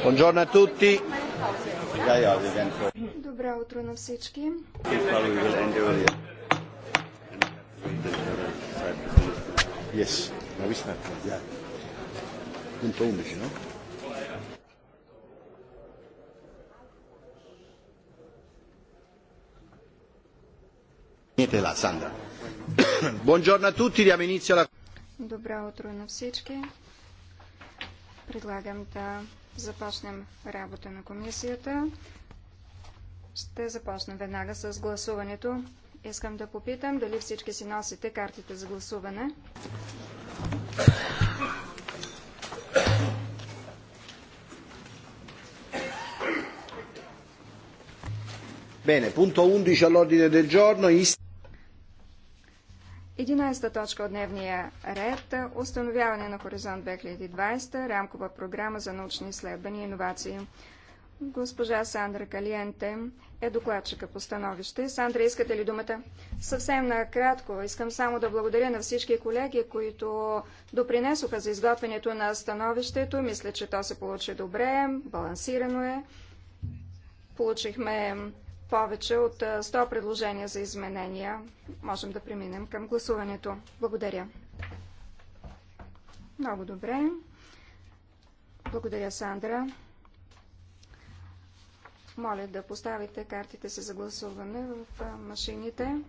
Buongiorno a tutti. Добро утро на всички. Yes, la vista yeah. Punto no? Niente là, Sandra. Buongiorno a tutti, diamo inizio alla... Добро утро на всички. Предлагам да започнем работа на комисията. Ще започнем веднага с гласуването. Искам да попитам дали всички си носите картите за гласуване. Bene, punto 11 all'ordine del giorno. 11 точка от дневния ред е – установяване на Хоризонт 2020, рамкова програма за научни изследвания и иновации. Госпожа Сандра Калиенте е докладчика по становище. Сандра, искате ли думата? Съвсем накратко. Искам само да благодаря на всички колеги, които допринесоха за изготвянето на становището. Мисля, че то се получи добре, балансирано е. Получихме повече от 100 предложения за изменения, можем да преминем към гласуването. Благодаря. Много добре. Благодаря, Сандра. Моля да поставите картите си за гласуване в машините.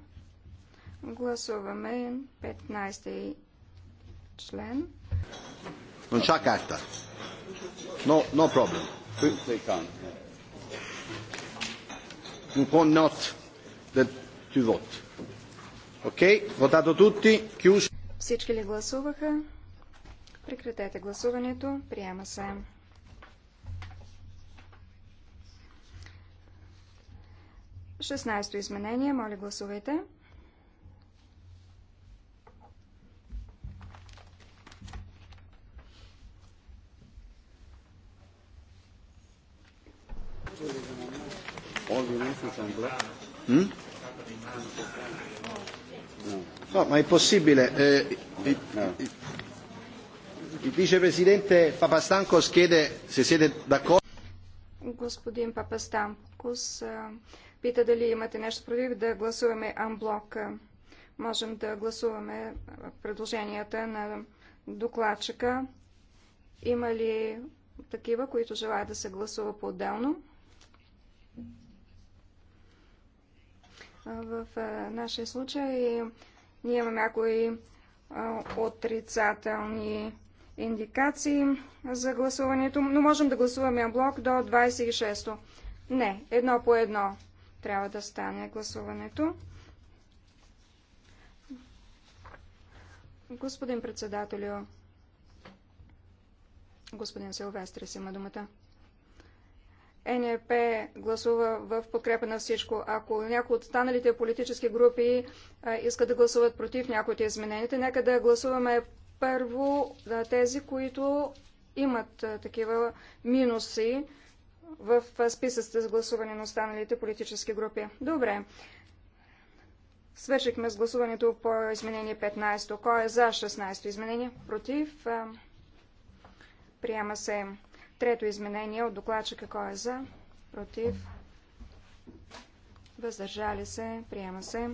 Гласуваме 15 член. Но c'ha Но No, no un con not del, du vote. Окей, okay. votato tutti, chiuso. Всички ли гласуваха? Прекратете гласуването. Приема се. Шестнайсто изменение. Моля гласувайте all the announcements are in Hmm? No. ma è possibile. Eh, eh no. Eh, il vicepresidente Papastankos chiede se siete d'accordo. Господин Папастанкус пита дали имате нещо против да гласуваме анблок. Можем да гласуваме предложенията на докладчика. Има ли такива, които желаят да се гласува по-отделно? В нашия случай ние имаме някои отрицателни индикации за гласуването, но можем да гласуваме блок до 26-то. Не, едно по едно трябва да стане гласуването. Господин председателю, господин Силвестрис има думата. НЕП гласува в подкрепа на всичко. Ако някои от останалите политически групи а, искат да гласуват против някои от измененията, нека да гласуваме първо за тези, които имат а, такива минуси в списъците с гласуване на останалите политически групи. Добре. Свършихме с гласуването по изменение 15. Кой е за 16 изменение? Против? Приема се. Трето изменение от докладчика. Кой е за? Против? Въздържали се? Приема се.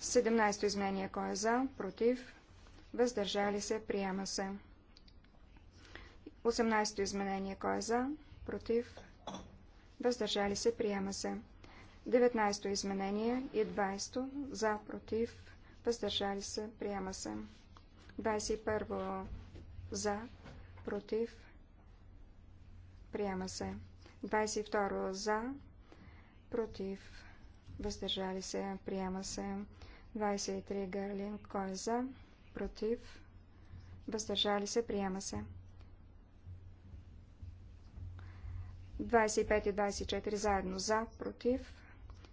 17 изменение. Кой е за? Против? Въздържали се? Приема се. 18 изменение. Кой е за? Против? Въздържали се? Приема се. 19 изменение и 20 за, против, въздържали се, приема се. 21 за, против, приема се. 22 за, против, въздържали се, приема се. 23 Гърлин, кой е за, против, въздържали се, приема се. 25 и 24 заедно за, против,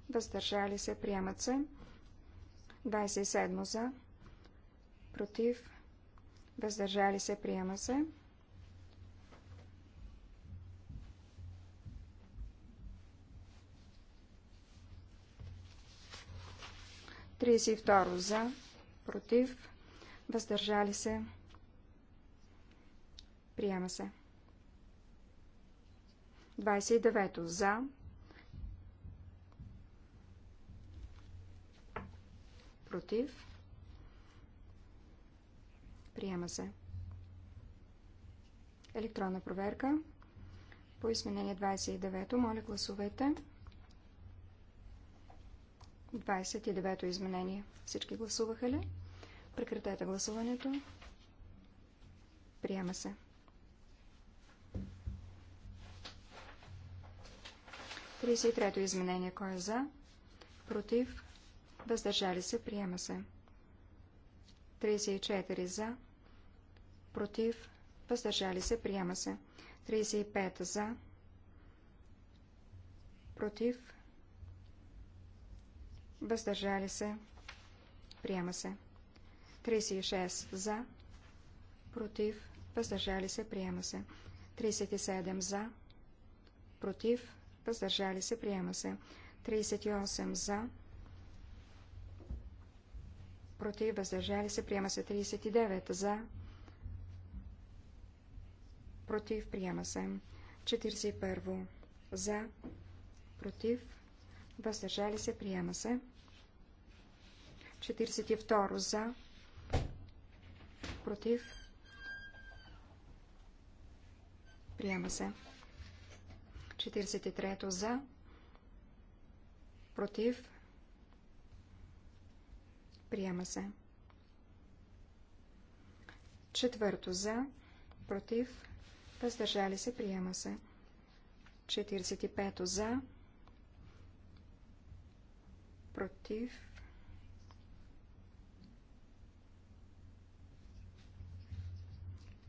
въздържали се, приемат се. 27 за, против, въздържали се, приема се. Тридесет второ за, против, въздържали се, приема се. 29 за, против, Приема се. Електронна проверка. По изменение 29. то Моля, гласувайте. 29-то изменение. Всички гласуваха ли? Прекратете гласуването. Приема се. 33-то изменение. Кой е за? Против? Въздържали се? Приема се. 34 за против, въздържали се, приема се. 35 за, против, въздържали се, приема се. 36 за, против, въздържали се, приема се. 37 за, против, въздържали се, приема се. 38 за, против, въздържали се, приема се. 39 за, против, приема се. 41 за, против, въздържали се, приема се. 42 за, против, приема се. 43 за, против, приема се. Четвърто за, против, въздържали се, приема се. 45 за, против,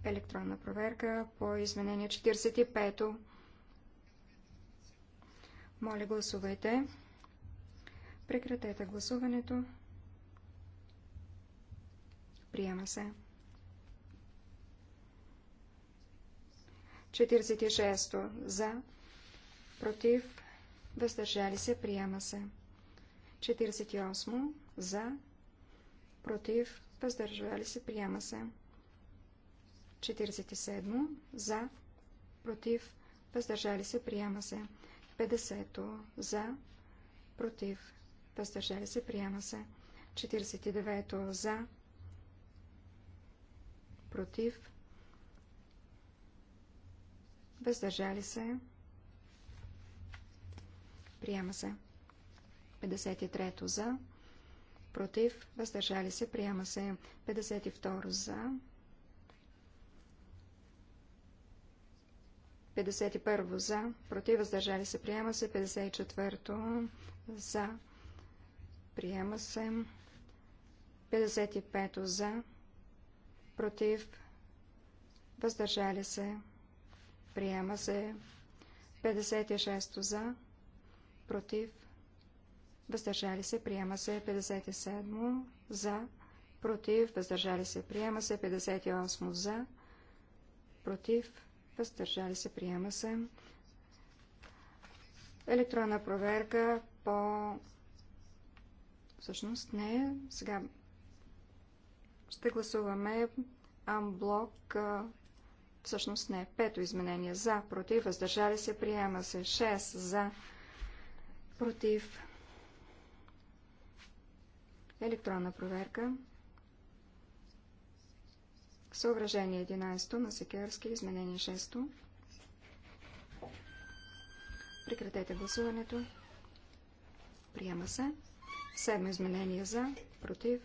електронна проверка по изменение 45. то Моля, гласувайте. Прекратете гласуването. Приема се. 46 за, против, въздържали се, приема се. 48 за, против, въздържали се, приема се. 47 за, против, въздържали се, приема се. 50 за, против, въздържали се, приема се. 49 за, против, Въздържали се. Приема се. 53 за. Против. Въздържали се. Приема се. 52 за. 51 за. Против. Въздържали се. Приема се. 54 за. Приема се. 55 за. Против. Въздържали се. Приема се 56 за, против, въздържали се, приема се 57 за, против, въздържали се, приема се 58 за, против, въздържали се, приема се. Електронна проверка по... Всъщност не, сега ще гласуваме амблок Всъщност не. Пето изменение за, против, въздържали се, приема се. 6 за, против. Електронна проверка. Съображение 11 на Секерски, изменение 6. Прекратете гласуването. Приема се. Седмо изменение за, против.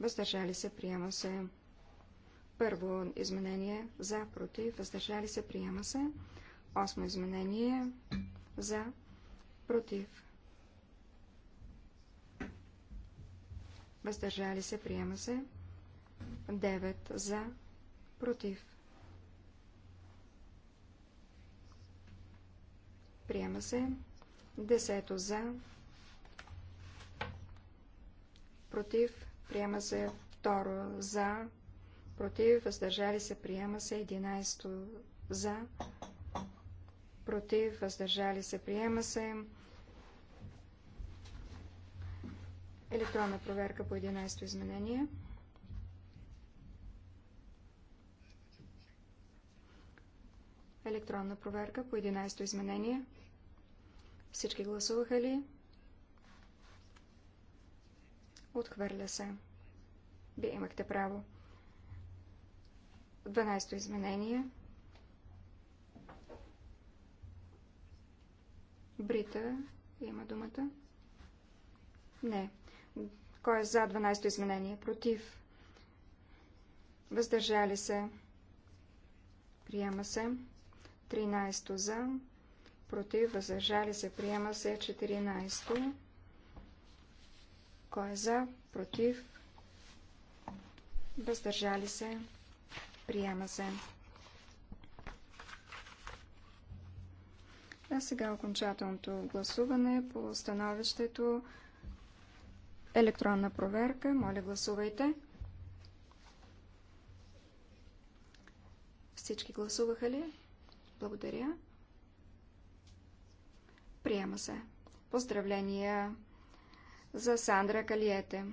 Въздържали се, приема се. Първо изменение за, против, въздържали се, приема се. Осмо изменение за, против, въздържали се, приема се. Девет за, против. Приема се. Десето за, против. Приема се второ за, против, въздържали се, приема се 11 за, против, въздържали се, приема се. Електронна проверка по 11 изменение. Електронна проверка по 11 изменение. Всички гласуваха ли? Отхвърля се. Вие имахте право. 12-то изменение. Брита има думата. Не. Кой е за 12-то изменение? Против. Въздържали се. Приема се. 13-то за. Против. Въздържали се. Приема се. 14-то. Кой е за? Против. Въздържали се. Приема се. А сега окончателното гласуване по становището електронна проверка. Моля, гласувайте. Всички гласуваха ли? Благодаря. Приема се. Поздравления за Сандра Калиете.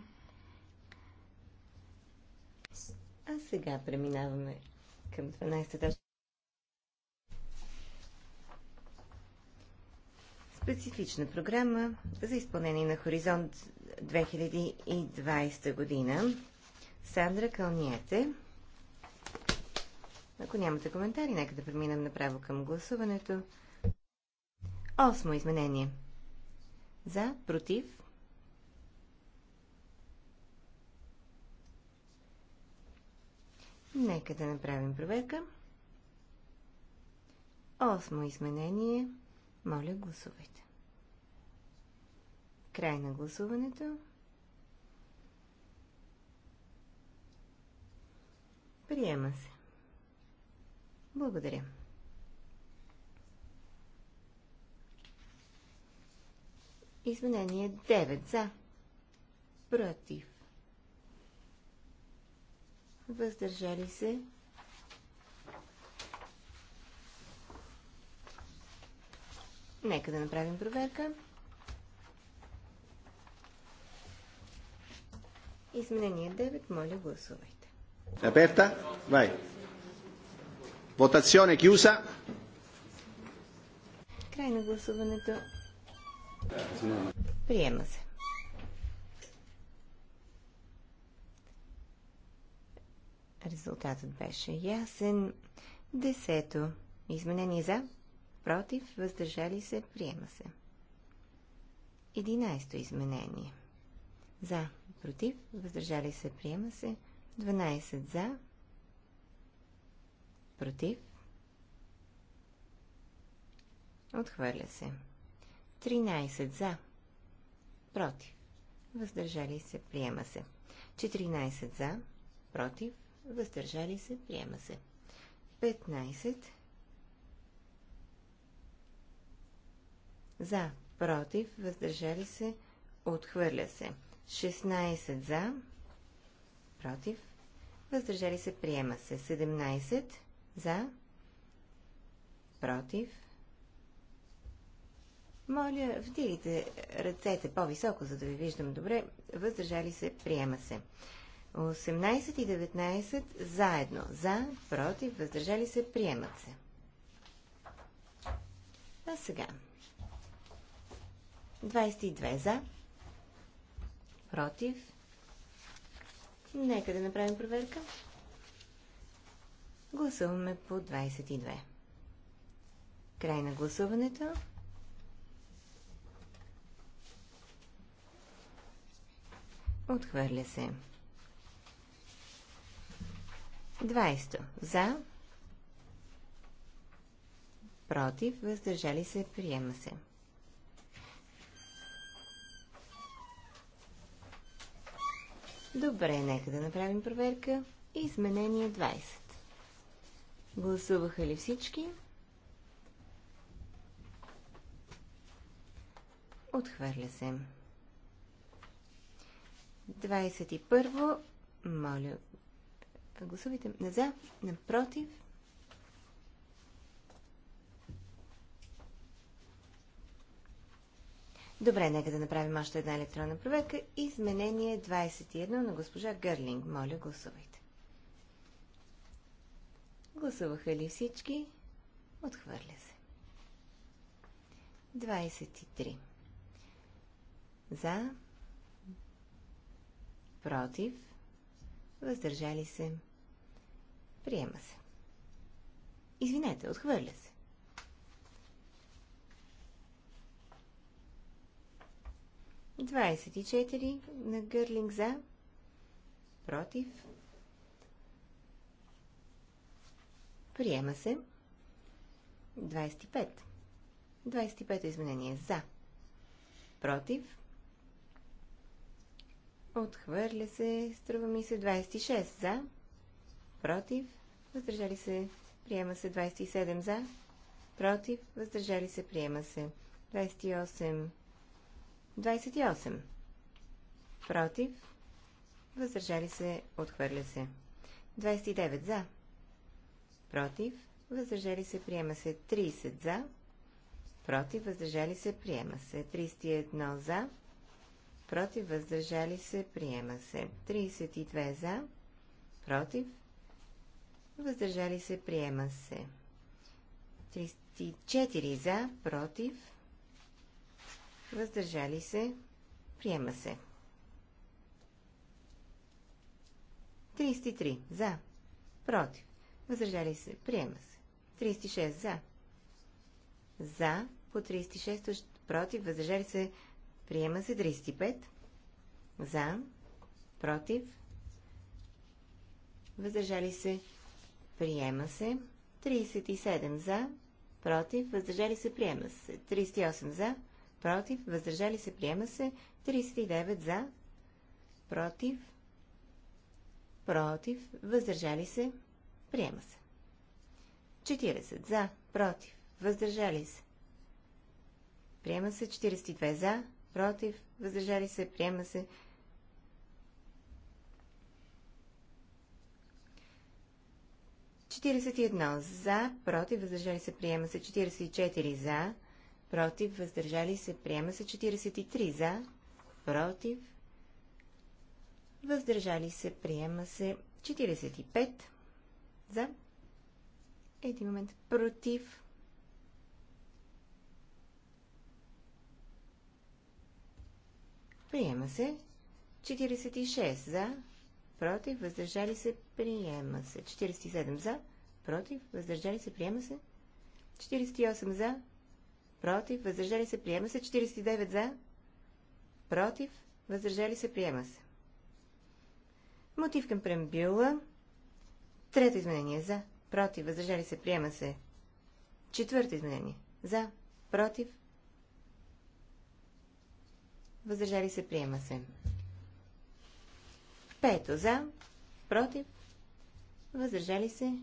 А сега преминаваме към 12-та точка. Специфична програма за изпълнение на Хоризонт 2020 година. Сандра Кълниете. Ако нямате коментари, нека да преминем направо към гласуването. Осмо изменение. За, против, Нека да направим проверка. Осмо изменение. Моля, гласувайте. Край на гласуването. Приема се. Благодаря. Изменение 9 за. Против въздържали се. Нека да направим проверка. Изменение 9, моля гласувайте. Аперта? Вай. Votazione chiusa. Край на гласуването. Приема се. Резултатът беше ясен. Десето. Изменение за. Против. Въздържали се. Приема се. Единайсто изменение. За. Против. Въздържали се. Приема се. 12 за. Против. Отхвърля се. 13 за. Против. Въздържали се. Приема се. 14 за. Против въздържали се, приема се. 15 за, против, въздържали се, отхвърля се. 16 за, против, въздържали се, приема се. 17 за, против. Моля, вдигайте ръцете по-високо, за да ви виждам добре. Въздържали се, приема се. 18 и 19 заедно. За, против, въздържали се, приемат се. А сега. 22 за, против. Нека да направим проверка. Гласуваме по 22. Край на гласуването. Отхвърля се. 20. За. Против. Въздържали се. Приема се. Добре, нека да направим проверка. Изменение 20. Гласуваха ли всички? Отхвърля се. 21. Моля, Гласувайте за, напротив. Добре, нека да направим още една електронна проверка. Изменение 21 на госпожа Гърлинг. Моля, гласувайте. Гласуваха ли всички? Отхвърля се. 23. За. Против. Въздържали се. Приема се. Извинете, отхвърля се. Двадесет и четири на гърлинг за. Против. Приема се. 25. 25 изменение за. Против. Отхвърля се, струва ми се, 26 за против, въздържали се, приема се 27 за, против, въздържали се, приема се 28, 28, против, въздържали се, отхвърля се 29 за, против, въздържали се, приема се 30 за, против, въздържали се, приема се 31 за, против, въздържали се, приема се 32 за, против, въздържали се, приема се. 34 за, против, въздържали се, приема се. 33 за, против, въздържали се, приема се. 36 за, за, по 36 против, въздържали се, приема се. 35 за, против, въздържали се, Приема се. 37 за. Против. Въздържали се. Приема се. 38 за. Против. Въздържали се. Приема се. 39 за. Против. Против. Въздържали се. Приема се. 40 за. Против. Въздържали се. Приема се. 42 за. Против. Въздържали се. Приема се. 41 за, против, въздържали се, приема се 44 за, против, въздържали се, приема се 43 за, против, въздържали се, приема се 45 за, един момент, против, приема се 46 за, против, въздържали се, приема се. 47 за, против, въздържали се, приема се. 48 за, против, въздържали се, приема се. 49 за, против, въздържали се, приема се. Мотив към прембюла. Трето изменение за, против, въздържали се, приема се. Четвърто изменение за, против, въздържали се, приема се. Пето за, против, въздържали се,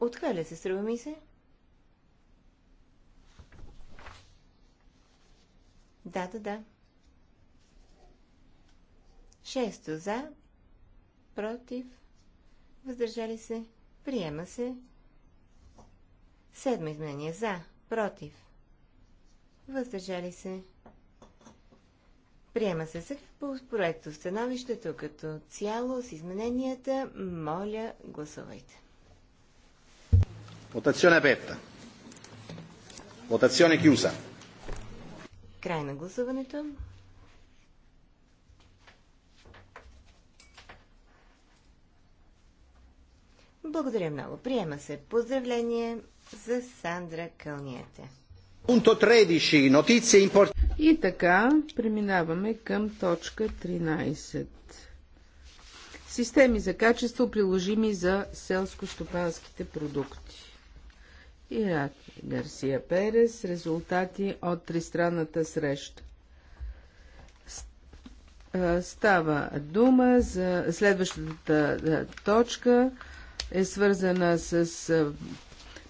отхвърля се, струва ми се. Да, да, да. Шесто за, против, въздържали се, приема се. Седмо изменение за, против, въздържали се, Приема се сега по проекто становището като цяло с измененията. Моля, гласувайте. Votazione aperta. Votazione chiusa. Край на гласуването. Благодаря много. Приема се. Поздравление за Сандра Кълниете. Пункт 13. Нотиция импорт... И така, преминаваме към точка 13. Системи за качество, приложими за селско-стопанските продукти. Ирак Гарсия Перес, резултати от тристранната среща. Става дума за следващата точка е свързана с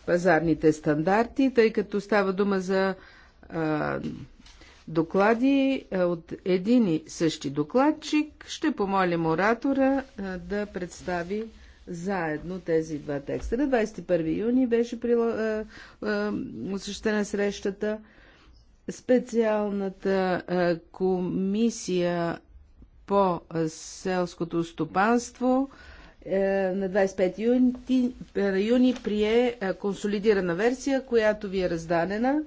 пазарните стандарти, тъй като става дума за доклади от един и същи докладчик. Ще помолим оратора да представи заедно тези два текста. На 21 юни беше осъщена срещата. Специалната комисия по селското стопанство е, на 25 юни, е, юни прие консолидирана версия, която ви е раздадена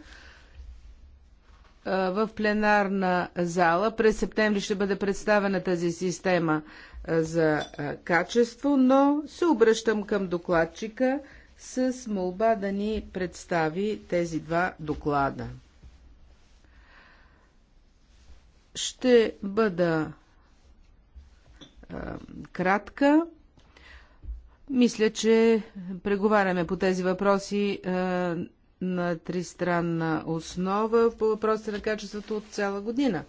в пленарна зала. През септември ще бъде представена тази система за качество, но се обръщам към докладчика с молба да ни представи тези два доклада. Ще бъда кратка. Мисля, че преговаряме по тези въпроси на тристранна основа по въпроса на качеството от цяла година.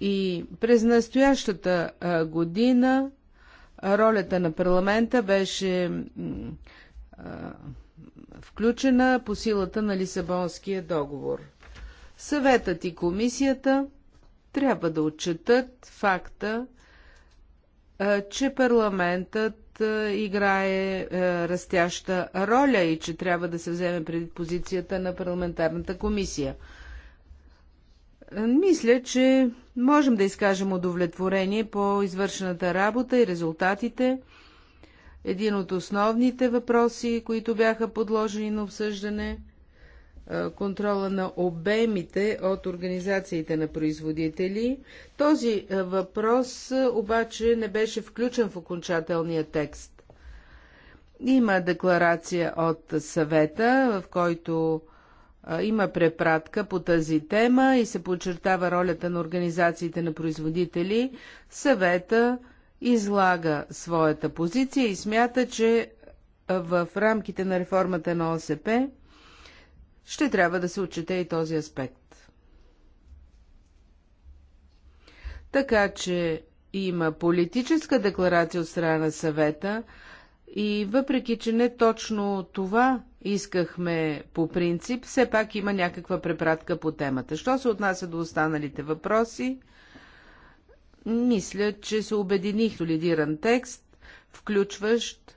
И през настоящата година ролята на парламента беше включена по силата на Лисабонския договор. Съветът и комисията трябва да отчетат факта, че парламентът играе растяща роля и че трябва да се вземе преди позицията на парламентарната комисия. Мисля, че можем да изкажем удовлетворение по извършената работа и резултатите. Един от основните въпроси, които бяха подложени на обсъждане – контрола на обемите от организациите на производители. Този въпрос обаче не беше включен в окончателния текст. Има декларация от съвета, в който има препратка по тази тема и се подчертава ролята на организациите на производители. Съвета излага своята позиция и смята, че в рамките на реформата на ОСП ще трябва да се отчете и този аспект. Така че има политическа декларация от страна на съвета и въпреки, че не точно това искахме по принцип, все пак има някаква препратка по темата. Що се отнася до останалите въпроси, мисля, че се обединих солидиран текст, включващ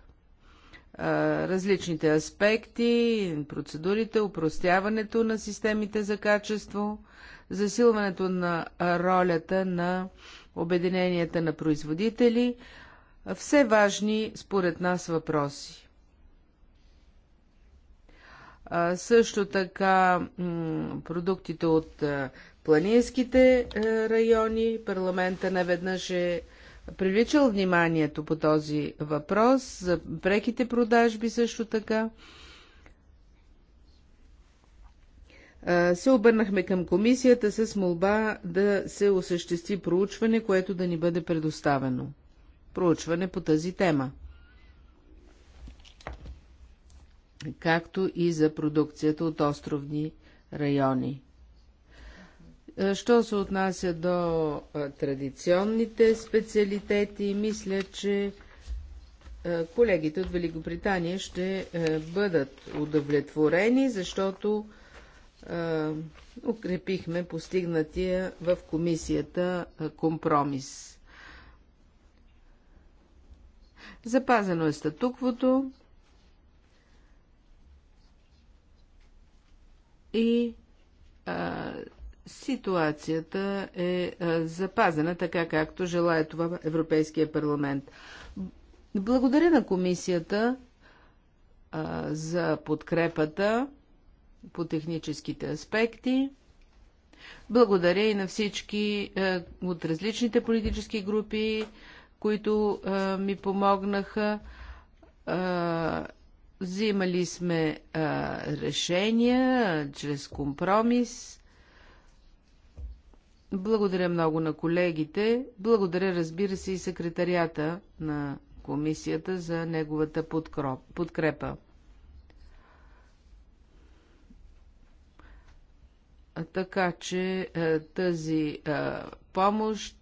различните аспекти, процедурите, упростяването на системите за качество, засилването на ролята на обединенията на производители, все важни според нас въпроси. Също така продуктите от планинските райони, парламента наведнъж е привличал вниманието по този въпрос, за преките продажби също така. Се обърнахме към комисията с молба да се осъществи проучване, което да ни бъде предоставено. Проучване по тази тема. Както и за продукцията от островни райони. Е, що се отнася до е, традиционните специалитети, мисля, че е, колегите от Великобритания ще бъдат удовлетворени, защото укрепихме постигнатия в комисията компромис. Запазено е статуквото и ситуацията е, е запазена така, както желая това Европейския парламент. Благодаря на комисията е, за подкрепата по техническите аспекти. Благодаря и на всички е, от различните политически групи, които ми помогнаха. взимали сме решения чрез компромис благодаря много на колегите. Благодаря, разбира се, и секретарията на комисията за неговата подкрепа. Така че е, тази е, помощ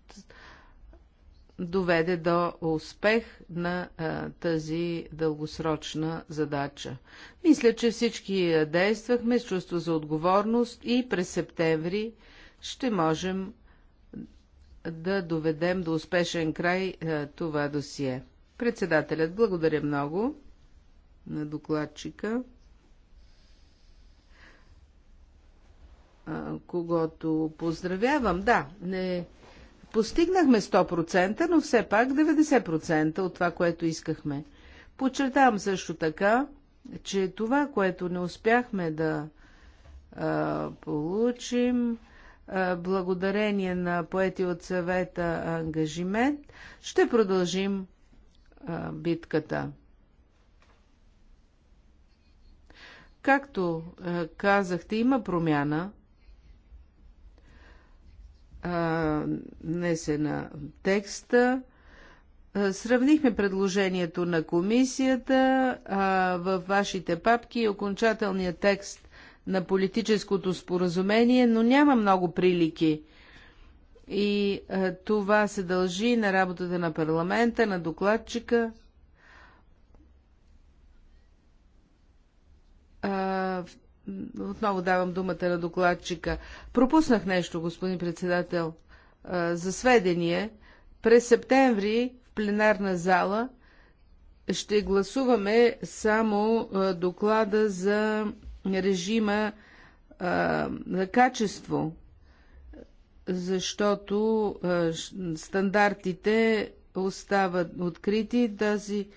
доведе до успех на е, тази дългосрочна задача. Мисля, че всички действахме с чувство за отговорност и през септември ще можем да доведем до успешен край е, това досие. Председателят, благодаря много на докладчика, е, когато поздравявам. Да, не постигнахме 100%, но все пак 90% от това, което искахме. Подчертавам също така, че това, което не успяхме да а, е, получим, е, благодарение на поети от съвета ангажимент, ще продължим е, битката. Както е, казахте, има промяна внесена текста. Сравнихме предложението на комисията. В вашите папки и окончателният текст на политическото споразумение, но няма много прилики. И а, е, това се дължи на работата на парламента, на докладчика. А, е, отново давам думата на докладчика. Пропуснах нещо, господин председател. А, е, за сведение, през септември в пленарна зала ще гласуваме само доклада за режима на за качество, защото стандартите остават открити. Тази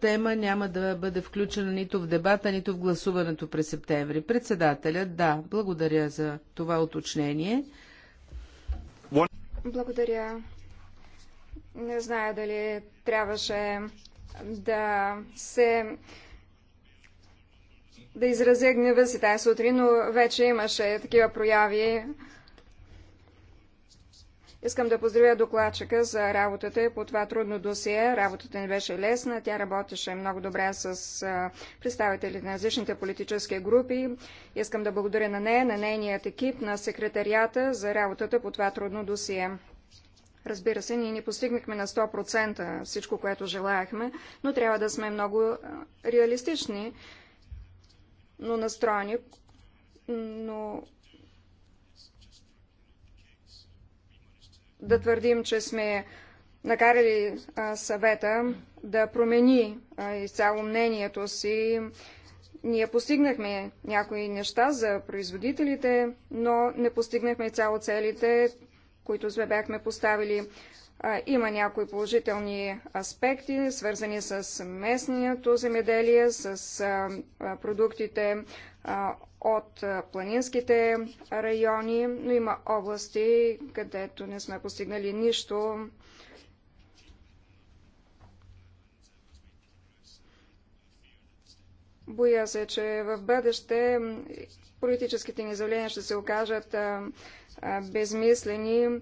тема няма да бъде включена нито в дебата, нито в гласуването през септември. Председателя, да, благодаря за това уточнение. Благодаря. Не зная дали трябваше да се да изразя гнева си тази сутрин, но вече имаше такива прояви. Искам да поздравя докладчика за работата по това трудно досие. Работата не беше лесна. Тя работеше много добре с представителите на различните политически групи. Искам да благодаря на нея, на нейният екип, на секретарията за работата по това трудно досие. Разбира се, ние не постигнахме на 100% всичко, което желаяхме, но трябва да сме много реалистични но настроени, но да твърдим, че сме накарали а, съвета да промени а, изцяло мнението си. Ние постигнахме някои неща за производителите, но не постигнахме цяло целите, които сме бяхме поставили. Има някои положителни аспекти, свързани с местното земеделие, с продуктите от планинските райони, но има области, където не сме постигнали нищо. Боя се, че в бъдеще политическите ни заявления ще се окажат безмислени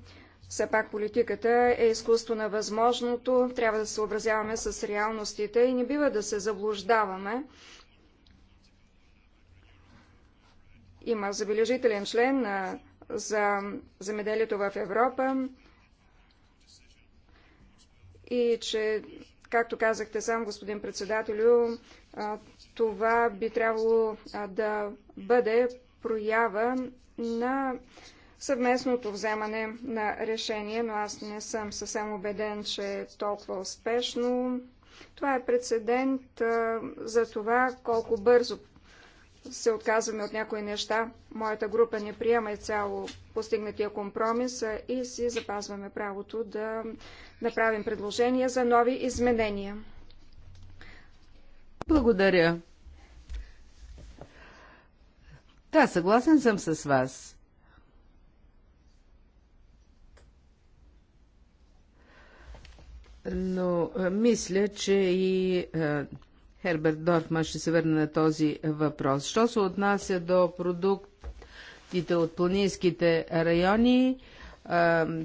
все пак политиката е изкуство на възможното, трябва да се съобразяваме с реалностите и не бива да се заблуждаваме. Има забележителен член за земеделието в Европа и че, както казахте сам, господин председателю, това би трябвало да бъде проява на съвместното вземане на решение, но аз не съм съвсем убеден, че е толкова успешно. Това е прецедент а, за това колко бързо се отказваме от някои неща. Моята група не приема и цяло постигнатия компромис и си запазваме правото да направим предложения за нови изменения. Благодаря. Да, съгласен съм с вас. но мисля, че и Херберт Дорфман ще се върне на този въпрос. Що се отнася до продуктите от планинските райони,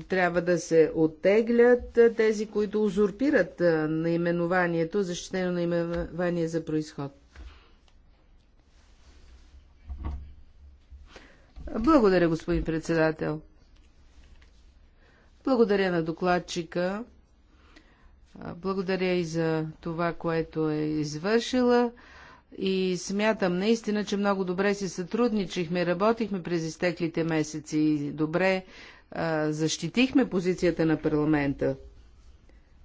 трябва да се оттеглят тези, които узурпират наименованието, защитено наименование за происход. Благодаря, господин председател. Благодаря на докладчика. Благодаря и за това, което е извършила и смятам наистина, че много добре се сътрудничихме, работихме през изтеклите месеци и добре а, защитихме позицията на парламента.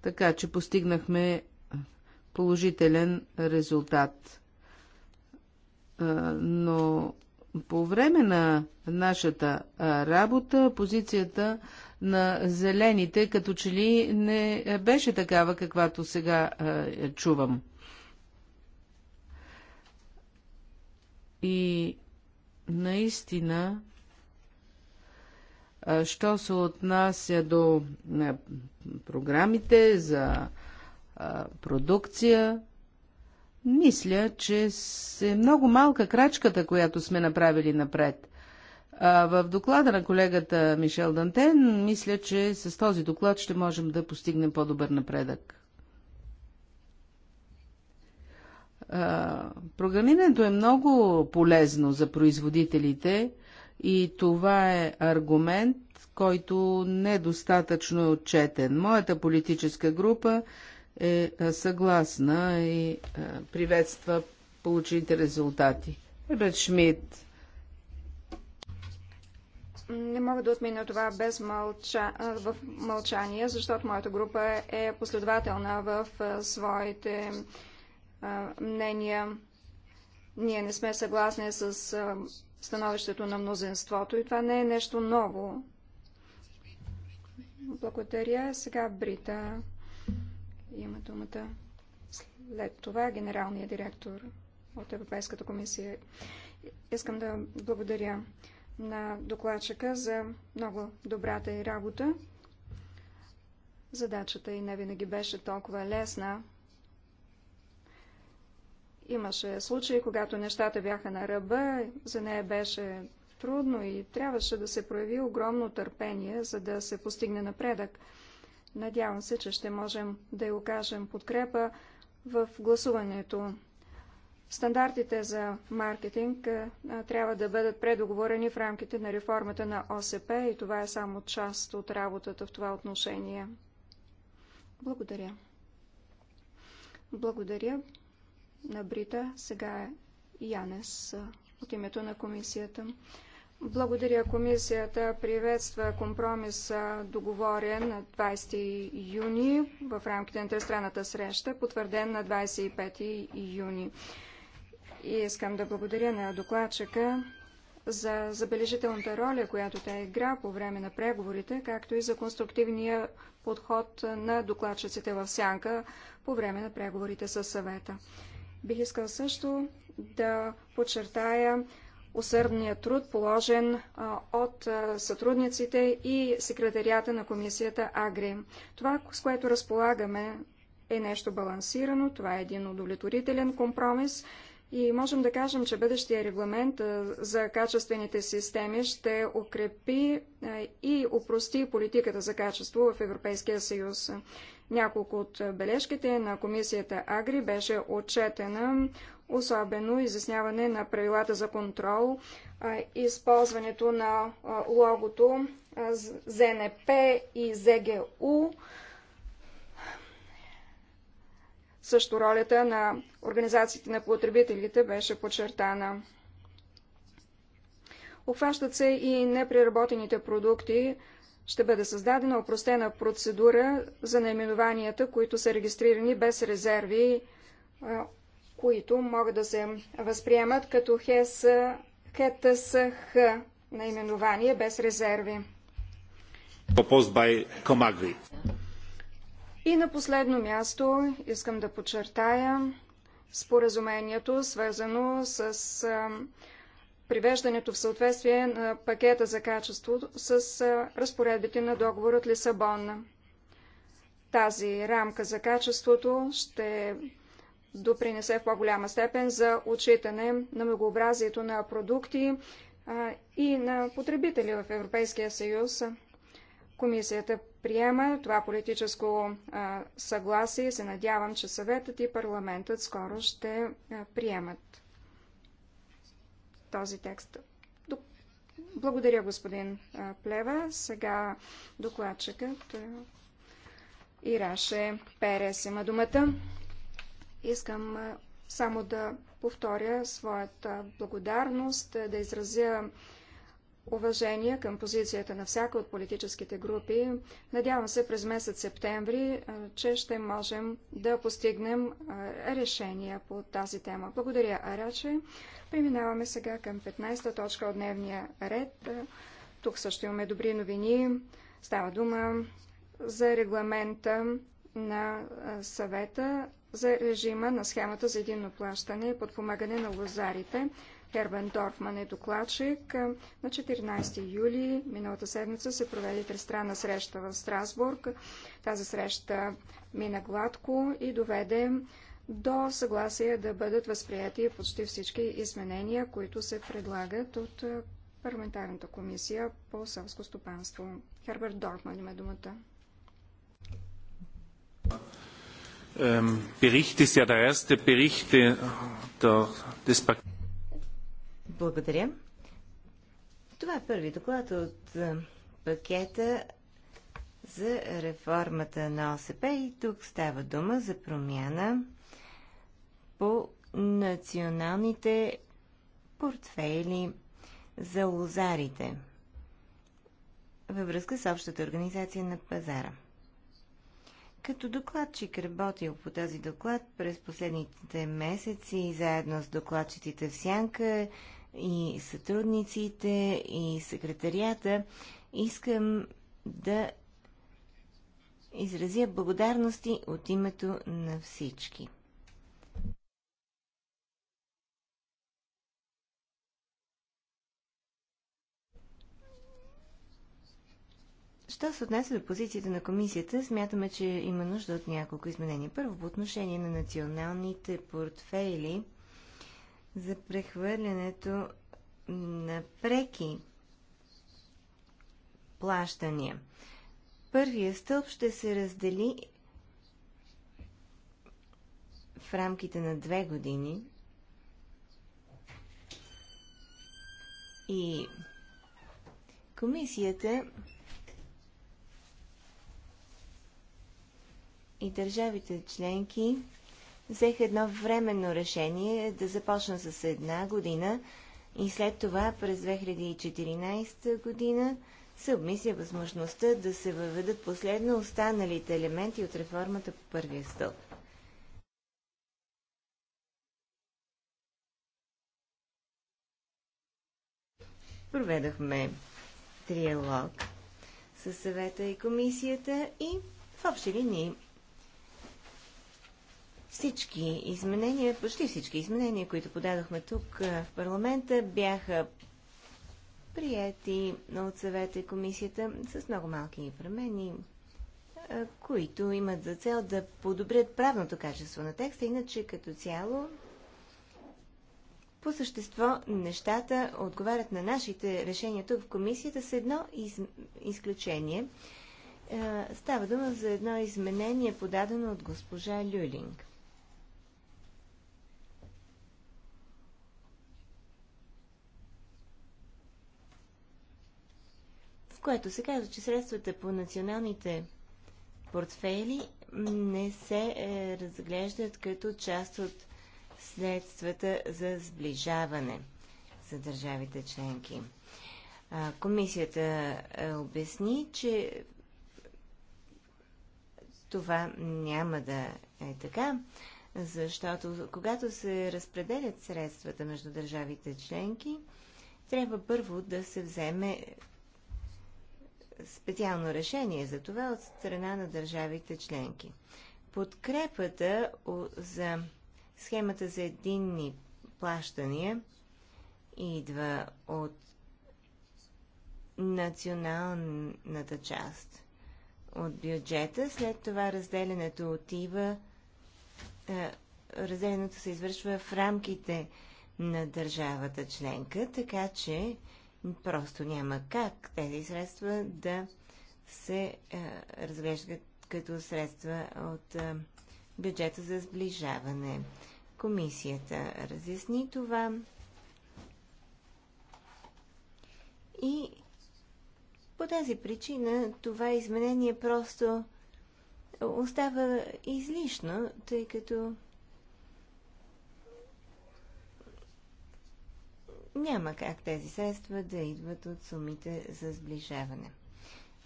Така че постигнахме положителен резултат. А, но по време на нашата работа позицията на зелените като че ли не беше такава, каквато сега чувам. И наистина, що се отнася до програмите за продукция, мисля, че е много малка крачката, която сме направили напред. А в доклада на колегата Мишел Дантен, мисля, че с този доклад ще можем да постигнем по-добър напредък. А, програмирането е много полезно за производителите и това е аргумент, който недостатъчно е отчетен. Моята политическа група е, е съгласна и е, приветства получените резултати. Ребет Шмидт. Не мога да отмина това без мълча... в мълчание, защото моята група е последователна в своите мнения. Ние не сме съгласни с становището на мнозинството и това не е нещо ново. Благодаря. Сега Брита има думата. След това генералният директор от Европейската комисия. Искам да благодаря на докладчика за много добрата и работа. Задачата и не винаги беше толкова лесна. Имаше случаи, когато нещата бяха на ръба, за нея беше трудно и трябваше да се прояви огромно търпение, за да се постигне напредък. Надявам се, че ще можем да й окажем подкрепа в гласуването. Стандартите за маркетинг трябва да бъдат предоговорени в рамките на реформата на ОСП и това е само част от работата в това отношение. Благодаря. Благодаря на Брита. Сега е Янес от името на комисията. Благодаря. Комисията приветства компромис договорен на 20 юни в рамките на тристранната среща, потвърден на 25 юни. И искам да благодаря на докладчика за забележителната роля, която тя игра по време на преговорите, както и за конструктивния подход на докладчиците в сянка по време на преговорите с съвета. Бих искал също да подчертая усърдния труд, положен от сътрудниците и секретарията на комисията Агри. Това, с което разполагаме, е нещо балансирано, това е един удовлетворителен компромис и можем да кажем, че бъдещия регламент за качествените системи ще укрепи и упрости политиката за качество в Европейския съюз. Няколко от бележките на комисията Агри беше отчетена особено изясняване на правилата за контрол, използването на логото ЗНП и ЗГУ, също ролята на организациите на потребителите беше подчертана. Охващат се и непреработените продукти. Ще бъде създадена опростена процедура за наименованията, които са регистрирани без резерви които могат да се възприемат като ХЕС, ХЕТСХ наименование без резерви. И на последно място искам да подчертая споразумението, свързано с привеждането в съответствие на пакета за качество с разпоредбите на договор от Лисабон. Тази рамка за качеството ще допринесе в по-голяма степен за отчитане на многообразието на продукти и на потребители в Европейския съюз. Комисията приема това политическо съгласие и се надявам, че съветът и парламентът скоро ще приемат този текст. Благодаря, господин Плева. Сега докладчикът Ираше Перес има думата. Искам само да повторя своята благодарност, да изразя уважение към позицията на всяка от политическите групи. Надявам се през месец септември, че ще можем да постигнем решения по тази тема. Благодаря, Араче. Преминаваме сега към 15-та точка от дневния ред. Тук също имаме добри новини. Става дума за регламента на съвета за режима на схемата за единно плащане и подпомагане на лозарите. Хербен Дорфман е докладчик. На 14 юли миналата седмица се проведе тристранна среща в Страсбург. Тази среща мина гладко и доведе до съгласие да бъдат възприяти почти всички изменения, които се предлагат от парламентарната комисия по селско стопанство. Херберт Дорфман има думата. Ähm, ist ja der erste Bericht des Благодаря. Това е първи доклад от е, пакета за реформата на ОСП и тук става дума за промяна по националните портфели за лозарите във връзка с общата организация на пазара. Като докладчик работил по този доклад през последните месеци, заедно с докладчиците в Сянка и сътрудниците и секретарията, искам да изразя благодарности от името на всички. Що се отнася до позицията на комисията, смятаме, че има нужда от няколко изменения. Първо, по отношение на националните портфейли за прехвърлянето на преки плащания. Първия стълб ще се раздели в рамките на две години и комисията и държавите членки взеха едно временно решение да започна с една година и след това през 2014 година се обмисля възможността да се въведат последно останалите елементи от реформата по първия стълб. Проведохме триалог със съвета и комисията и в общи линии всички изменения, почти всички изменения, които подадохме тук в парламента, бяха прияти от съвета и комисията с много малки промени, които имат за цел да подобрят правното качество на текста, иначе като цяло по същество нещата отговарят на нашите решения тук в комисията с едно из... изключение. Става дума за едно изменение, подадено от госпожа Люлинг. което се казва, че средствата по националните портфели не се е, разглеждат като част от следствата за сближаване за държавите членки. комисията е, обясни, че това няма да е така, защото когато се разпределят средствата между държавите членки, трябва първо да се вземе специално решение за това от страна на държавите членки. Подкрепата за схемата за единни плащания идва от националната част от бюджета. След това разделянето отива, е, разделенето се извършва в рамките на държавата членка, така че Просто няма как тези средства да се а, разглеждат като средства от а, бюджета за сближаване. Комисията разясни това и по тази причина това изменение просто остава излишно, тъй като няма как тези средства да идват от сумите за сближаване.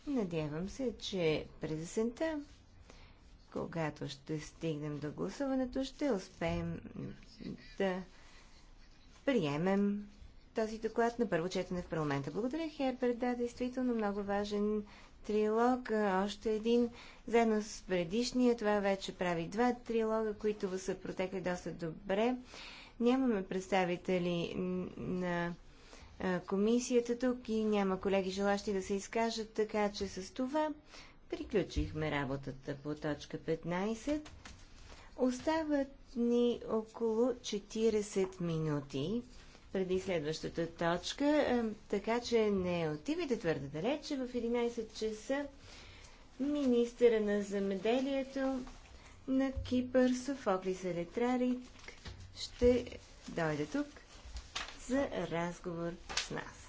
Надявам се, че през есента, когато ще стигнем до гласуването, ще успеем да приемем този доклад на първо четене в парламента. Благодаря, Херберт. Да, действително много важен трилог. Още един, заедно с предишния. Това вече прави два трилога, които са протекли доста добре. Нямаме представители на комисията тук и няма колеги желащи да се изкажат, така че с това приключихме работата по точка 15. Остават ни около 40 минути преди следващата точка, така че не отивайте твърде далече. В 11 часа министъра на замеделието на Кипър Софоклис Елетрари ще дойде тук за разговор с нас.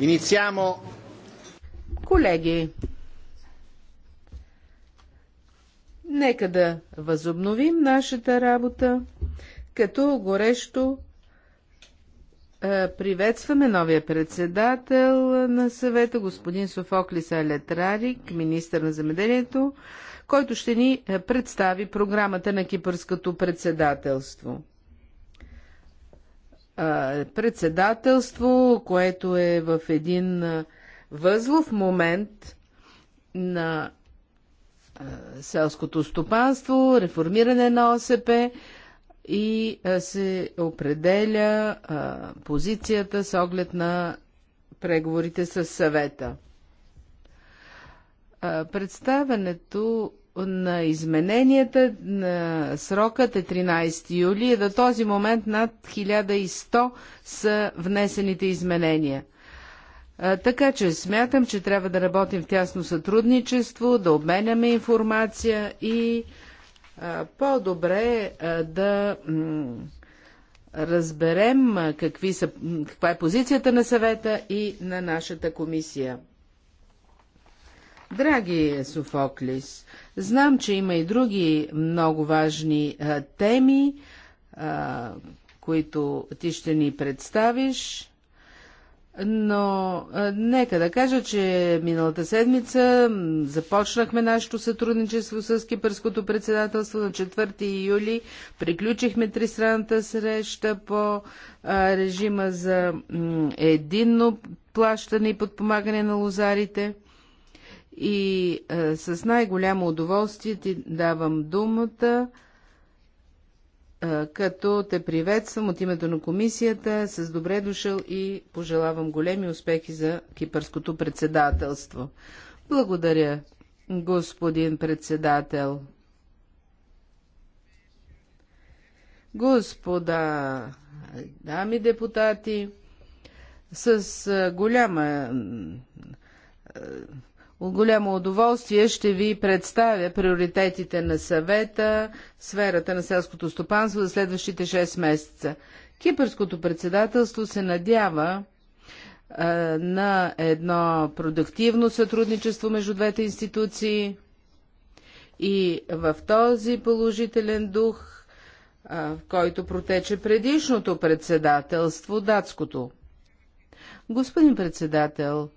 Iniziamo. Колеги, нека да възобновим нашата работа, като горещо е, приветстваме новия председател на съвета, господин Софоклис Алетрарик, министър на земеделието, който ще ни е, представи програмата на кипърското председателство председателство, което е в един възлов момент на селското стопанство, реформиране на ОСП и се определя позицията с оглед на преговорите с съвета. Представенето на измененията на срокът е 13 юли. и До този момент над 1100 са внесените изменения. Така че смятам, че трябва да работим в тясно сътрудничество, да обменяме информация и по-добре да разберем какви са, каква е позицията на съвета и на нашата комисия. Драги Софоклис, знам, че има и други много важни а, теми, а, които ти ще ни представиш. Но а, нека да кажа, че миналата седмица започнахме нашето сътрудничество с Кипърското председателство на 4 юли. Приключихме тристранната среща по а, режима за единно плащане и подпомагане на лозарите и а, е, с най-голямо удоволствие ти давам думата, а, е, като те приветствам от името на комисията, с добре дошъл и пожелавам големи успехи за кипърското председателство. Благодаря, господин председател. Господа, дами депутати, с е, голяма голямо удоволствие ще ви представя приоритетите на съвета в сферата на селското стопанство за следващите 6 месеца. Кипърското председателство се надява е, на едно продуктивно сътрудничество между двете институции и в този положителен дух, е, в който протече предишното председателство, датското. Господин председател,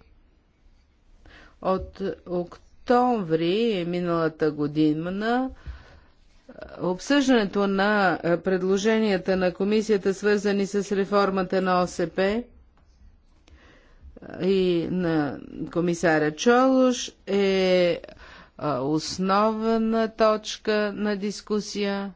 от октомври миналата година обсъждането на предложенията на комисията, свързани с реформата на ОСП и на комисаря Чолуш, е основна точка на дискусия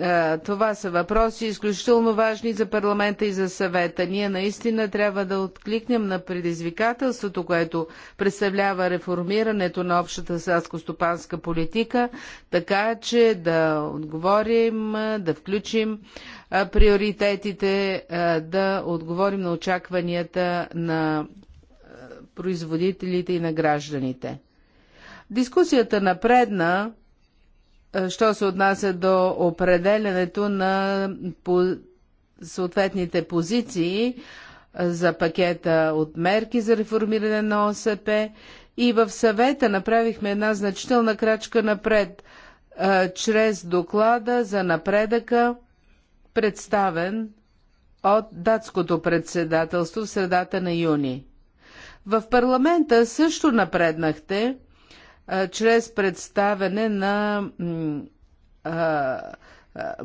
е, това са въпроси изключително важни за парламента и за съвета. Ние наистина трябва да откликнем на предизвикателството, което представлява реформирането на общата селско-стопанска политика, така че да отговорим, да включим приоритетите, да отговорим на очакванията на производителите и на гражданите. Дискусията напредна е, що се отнася до определенето на по съответните позиции е, за пакета от мерки за реформиране на ОСП и в съвета направихме една значителна крачка напред е, чрез доклада за напредъка, представен от датското председателство в средата на юни. В парламента също напреднахте чрез представяне на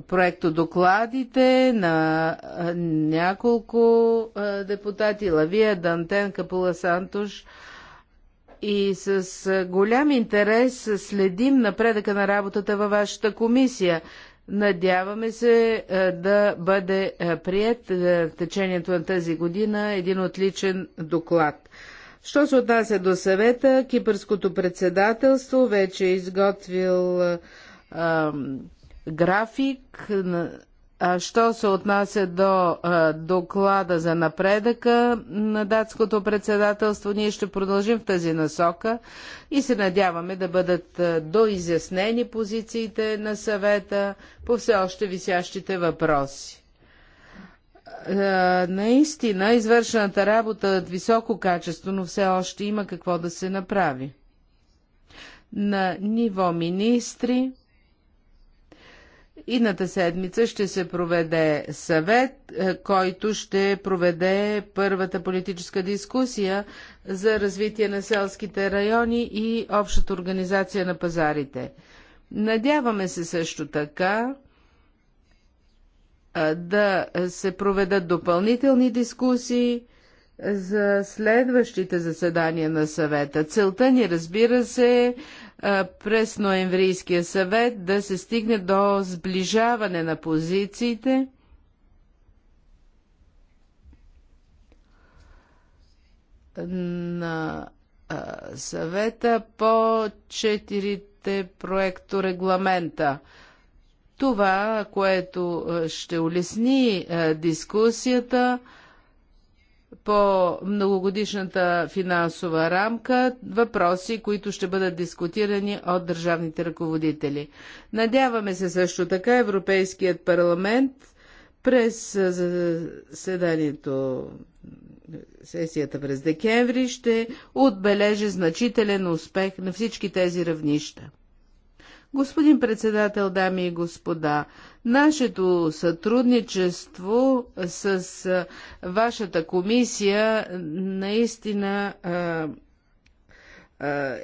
проектодокладите на няколко депутати Лавия, Дантен, Капула Сантош и с голям интерес следим напредъка на работата във вашата комисия. Надяваме се да бъде прият в течението на тази година един отличен доклад. Що се отнася до съвета, кипърското председателство вече е изготвил а, график. А що се отнася до а, доклада за напредъка на датското председателство, ние ще продължим в тази насока и се надяваме да бъдат доизяснени позициите на съвета по все още висящите въпроси. Е, наистина извършената работа е високо качество, но все още има какво да се направи. На ниво министри Идната седмица ще се проведе съвет, е, който ще проведе първата политическа дискусия за развитие на селските райони и общата организация на пазарите. Надяваме се също така да се проведат допълнителни дискусии за следващите заседания на съвета. Целта ни, разбира се, през ноемврийския съвет да се стигне до сближаване на позициите. на съвета по четирите проекто регламента това, което е, ще улесни е, дискусията по многогодишната финансова рамка, въпроси, които ще бъдат дискутирани от държавните ръководители. Надяваме се също така Европейският парламент през е, заседанието сесията през декември ще отбележи значителен успех на всички тези равнища. Господин председател, дами и господа, нашето сътрудничество с вашата комисия наистина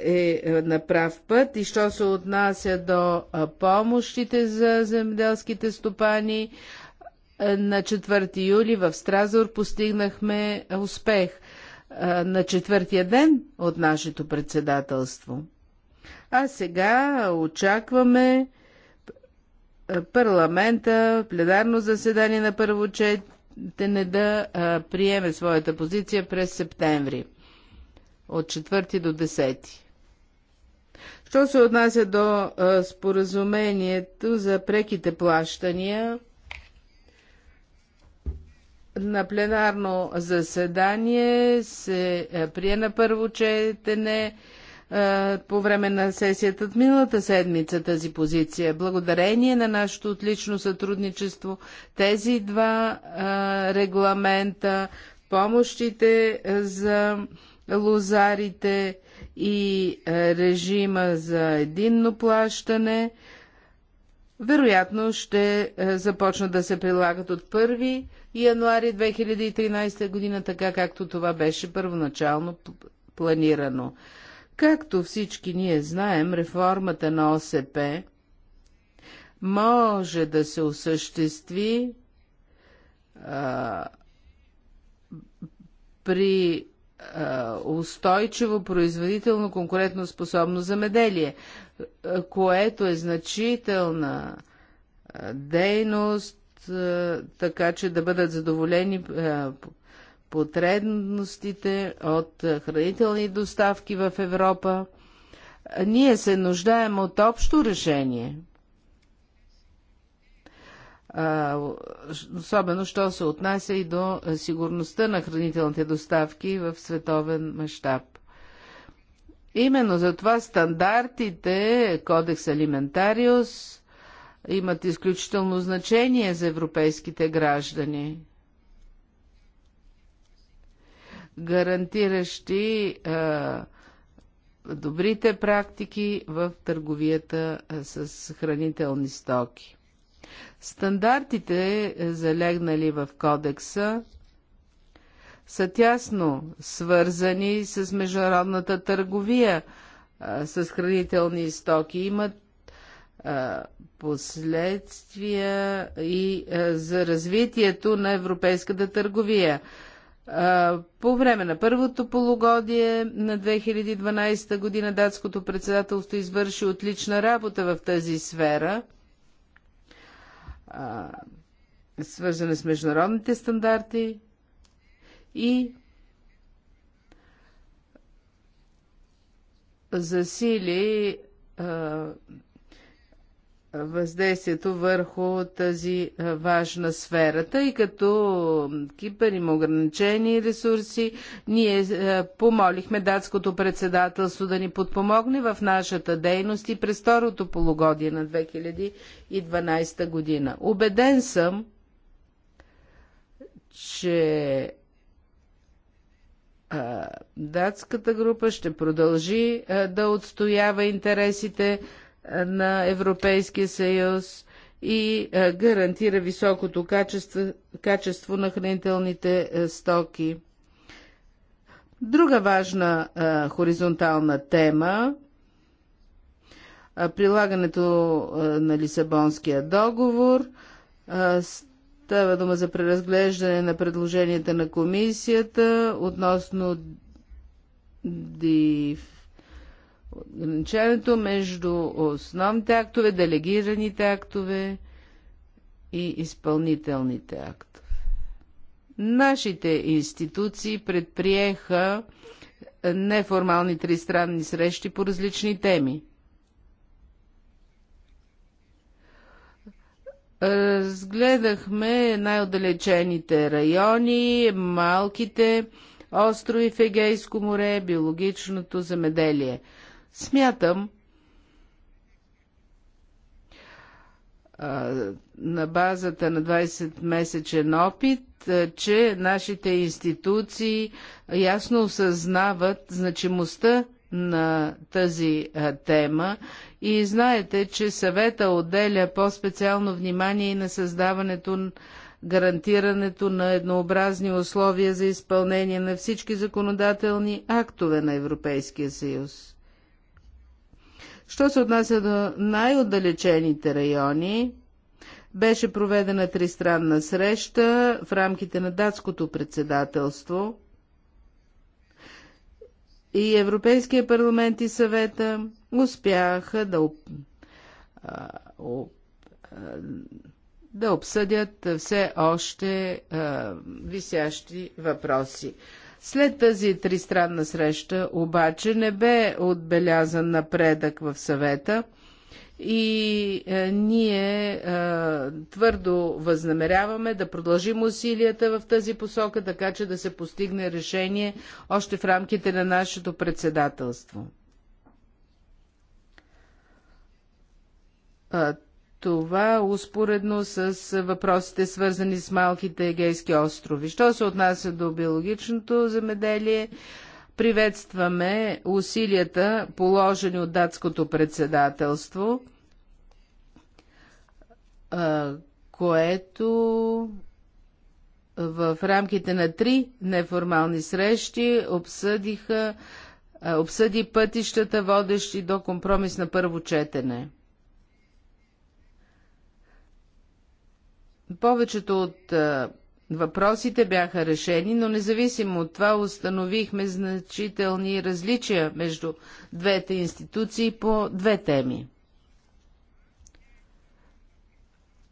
е, е на прав път и що се отнася до помощите за земеделските стопани, на 4 юли в Стразур постигнахме успех на четвъртия ден от нашето председателство. А сега очакваме парламента, пленарно заседание на първо четене да приеме своята позиция през септември от 4 до 10. Що се отнася до споразумението за преките плащания, на пленарно заседание се прие на първо четене е, по време на сесията от миналата седмица тази позиция. Благодарение на нашето отлично сътрудничество, тези два е, регламента, помощите е, за лозарите и режима за единно плащане, вероятно ще започнат да се прилагат от 1 януари 2013 година, така както това беше първоначално планирано. Както всички ние знаем, реформата на ОСП може да се осъществи а, при а, устойчиво производително конкурентно способно замеделие, което е значителна дейност, а, така че да бъдат задоволени а, потребностите от хранителни доставки в Европа. Ние се нуждаем от общо решение. Особено, що се отнася и до сигурността на хранителните доставки в световен мащаб. Именно за това стандартите, кодекс Алиментариус, имат изключително значение за европейските граждани. гарантиращи добрите практики в търговията с хранителни стоки. Стандартите, залегнали в кодекса, са тясно свързани с международната търговия а, с хранителни стоки. Имат а, последствия и а, за развитието на европейската търговия. По време на първото полугодие на 2012 година датското председателство извърши отлична работа в тази сфера, свързана с международните стандарти и засили въздействието върху тази важна сфера. Тъй като Кипър има ограничени ресурси, ние помолихме датското председателство да ни подпомогне в нашата дейност и през второто полугодие на 2012 година. Обеден съм, че датската група ще продължи да отстоява интересите на Европейския съюз и е, гарантира високото качество, качество на хранителните е, стоки. Друга важна а, е, хоризонтална тема прилагането а, на Лисабонския договор. А, става дума за преразглеждане на предложенията на комисията относно диф Ограничението между основните актове, делегираните актове и изпълнителните актове. Нашите институции предприеха неформални тристранни срещи по различни теми. Разгледахме най-отдалечените райони, малките острови в Егейско море, биологичното земеделие – Смятам, на базата на 20-месечен опит, че нашите институции ясно осъзнават значимостта на тази тема и знаете, че съвета отделя по-специално внимание и на създаването, гарантирането на еднообразни условия за изпълнение на всички законодателни актове на Европейския съюз. Що се отнася до най-отдалечените райони, беше проведена тристранна среща в рамките на датското председателство и Европейския парламент и съвета успяха да, да обсъдят все още висящи въпроси. След тази тристранна среща обаче не бе отбелязан напредък в съвета и е, ние е, твърдо възнамеряваме да продължим усилията в тази посока, така че да се постигне решение още в рамките на нашето председателство. Е, това успоредно с въпросите свързани с малките егейски острови. Що се отнася до биологичното земеделие, приветстваме усилията, положени от датското председателство, което в рамките на три неформални срещи обсъдиха, обсъди пътищата, водещи до компромис на първо четене. Повечето от въпросите бяха решени, но независимо от това установихме значителни различия между двете институции по две теми.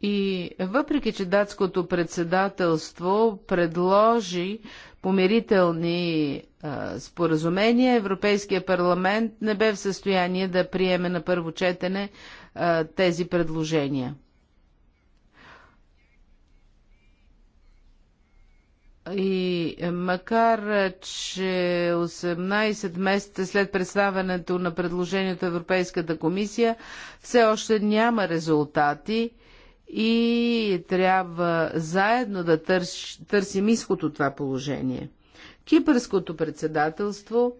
И въпреки, че датското председателство предложи помирителни а, споразумения, Европейския парламент не бе в състояние да приеме на първо четене а, тези предложения. И макар, че 18 месеца след представянето на предложението Европейската комисия все още няма резултати и трябва заедно да търс, търсим изход от това положение. Кипърското председателство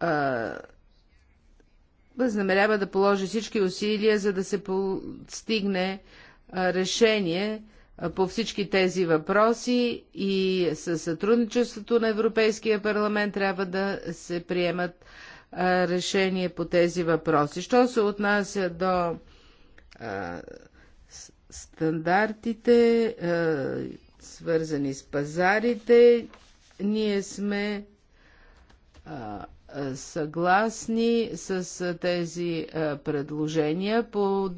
а, възнамерява да положи всички усилия, за да се постигне по решение по всички тези въпроси и със сътрудничеството на Европейския парламент трябва да се приемат решения по тези въпроси. Що се отнася до а, стандартите, а, свързани с пазарите, ние сме а, съгласни с тези предложения. По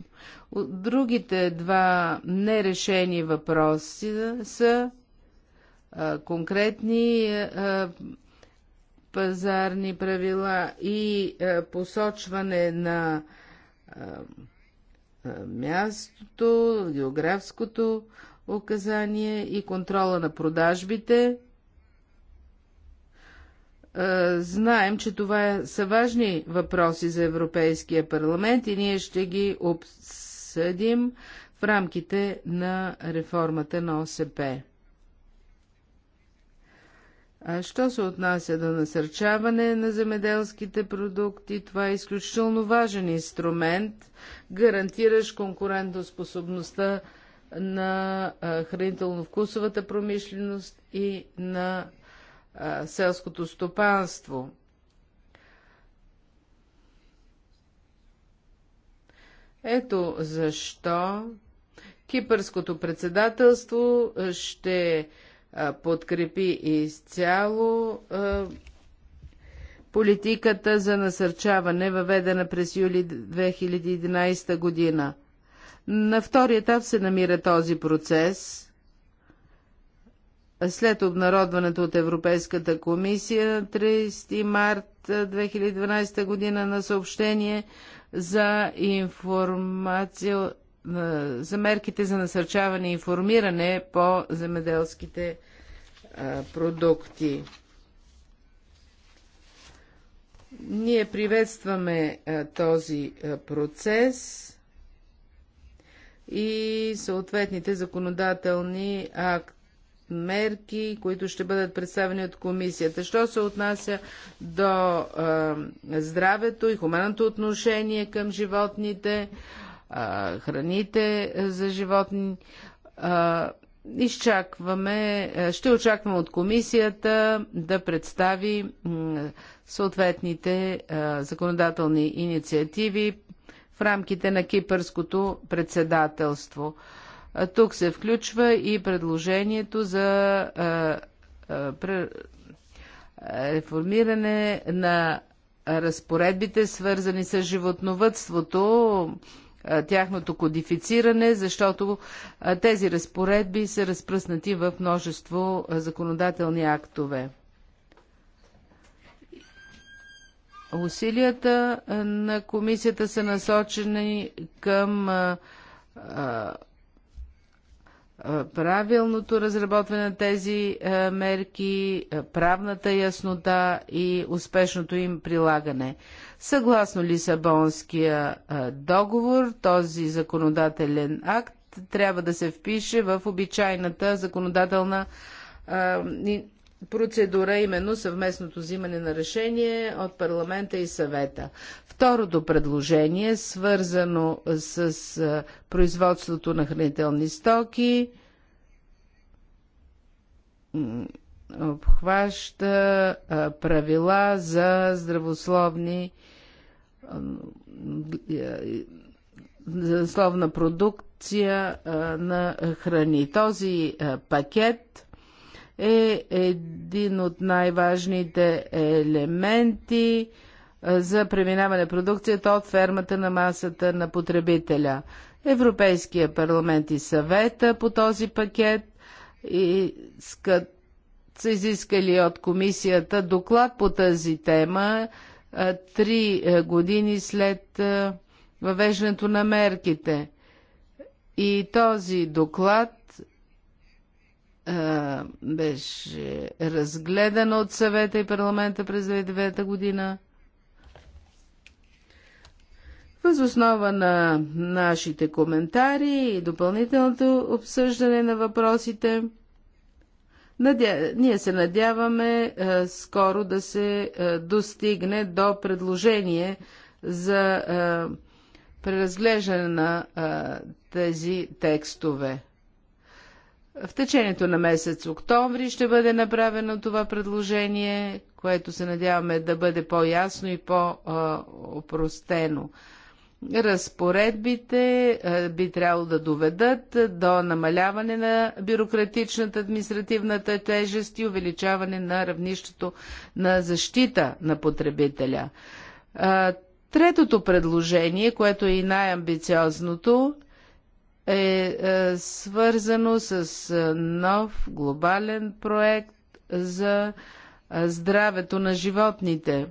другите два нерешени въпроси са конкретни пазарни правила и посочване на мястото, географското указание и контрола на продажбите е, знаем, че това е, са важни въпроси за Европейския парламент и ние ще ги обсъдим в рамките на реформата на ОСП. А що се отнася до насърчаване на земеделските продукти, това е изключително важен инструмент, гарантиращ конкурентоспособността на хранително-вкусовата промишленост и на селското стопанство. Ето защо Кипърското председателство ще подкрепи изцяло политиката за насърчаване, въведена през юли 2011 година. На втори етап се намира този процес след обнародването от Европейската комисия 30 март 2012 година на съобщение за информация за мерките за насърчаване и информиране по земеделските продукти. Ние приветстваме този процес и съответните законодателни акт мерки, които ще бъдат представени от комисията. Що се отнася до здравето и хуманното отношение към животните, храните за животни, изчакваме, ще очакваме от комисията да представи съответните законодателни инициативи в рамките на кипърското председателство. Тук се включва и предложението за реформиране на разпоредбите, свързани с животновътството, тяхното кодифициране, защото тези разпоредби са разпръснати в множество законодателни актове. Усилията на комисията са насочени към правилното разработване на тези мерки, правната яснота и успешното им прилагане. Съгласно Лисабонския договор, този законодателен акт трябва да се впише в обичайната законодателна процедура, е именно съвместното взимане на решение от парламента и съвета. Второто предложение, свързано с производството на хранителни стоки, обхваща правила за здравословни е, здравословна продукция на храни. Този пакет е един от най-важните елементи за преминаване продукцията от фермата на масата на потребителя. Европейския парламент и съвета по този пакет искат, са изискали от комисията доклад по тази тема три е, години след е, въвеждането на мерките. И този доклад е, беше разгледана от съвета и парламента през 2009 година. Въз основа на нашите коментари и допълнителното обсъждане на въпросите, надя... ние се надяваме а, е, скоро да се а, е, достигне до предложение за а, преразглеждане на а, тези текстове. В течението на месец октомври ще бъде направено това предложение, което се надяваме да бъде по-ясно и по-опростено. Разпоредбите би трябвало да доведат до намаляване на бюрократичната административната тежест и увеличаване на равнището на защита на потребителя. Третото предложение, което е и най-амбициозното, е, е свързано с е, нов глобален проект за е, здравето на животните.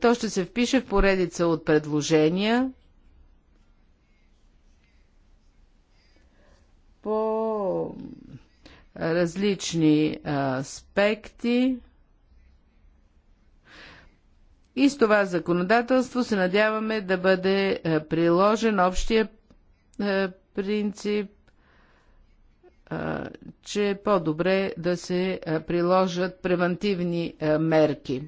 То ще се впише в поредица от предложения по различни аспекти. И с това законодателство се надяваме да бъде приложен общия е, принцип, е, че е по-добре да се е, приложат превентивни мерки.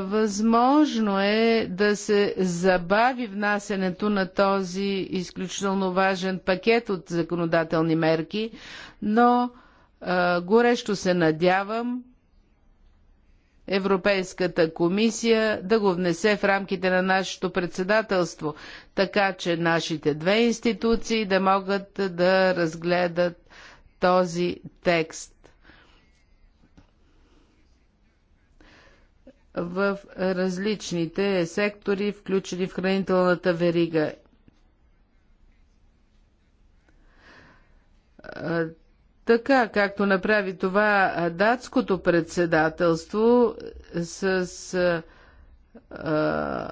Възможно е да се забави внасенето на този изключително важен пакет от законодателни мерки, но горещо се надявам, Европейската комисия да го внесе в рамките на нашето председателство, така че нашите две институции да могат да разгледат този текст. в различните сектори, включени в хранителната верига така както направи това датското председателство с а,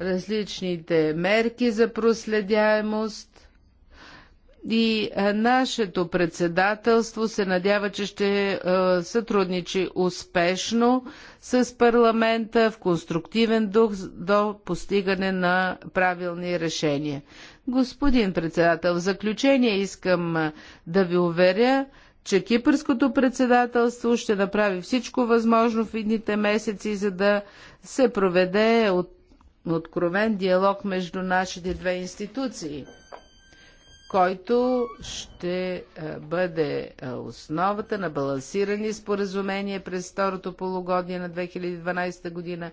различните мерки за проследяемост. И а, нашето председателство се надява, че ще а, сътрудничи успешно с парламента в конструктивен дух до постигане на правилни решения. Господин председател, в заключение искам да ви уверя, че кипърското председателство ще направи всичко възможно в едните месеци, за да се проведе от, откровен диалог между нашите две институции, който ще бъде основата на балансирани споразумения през второто полугодие на 2012 година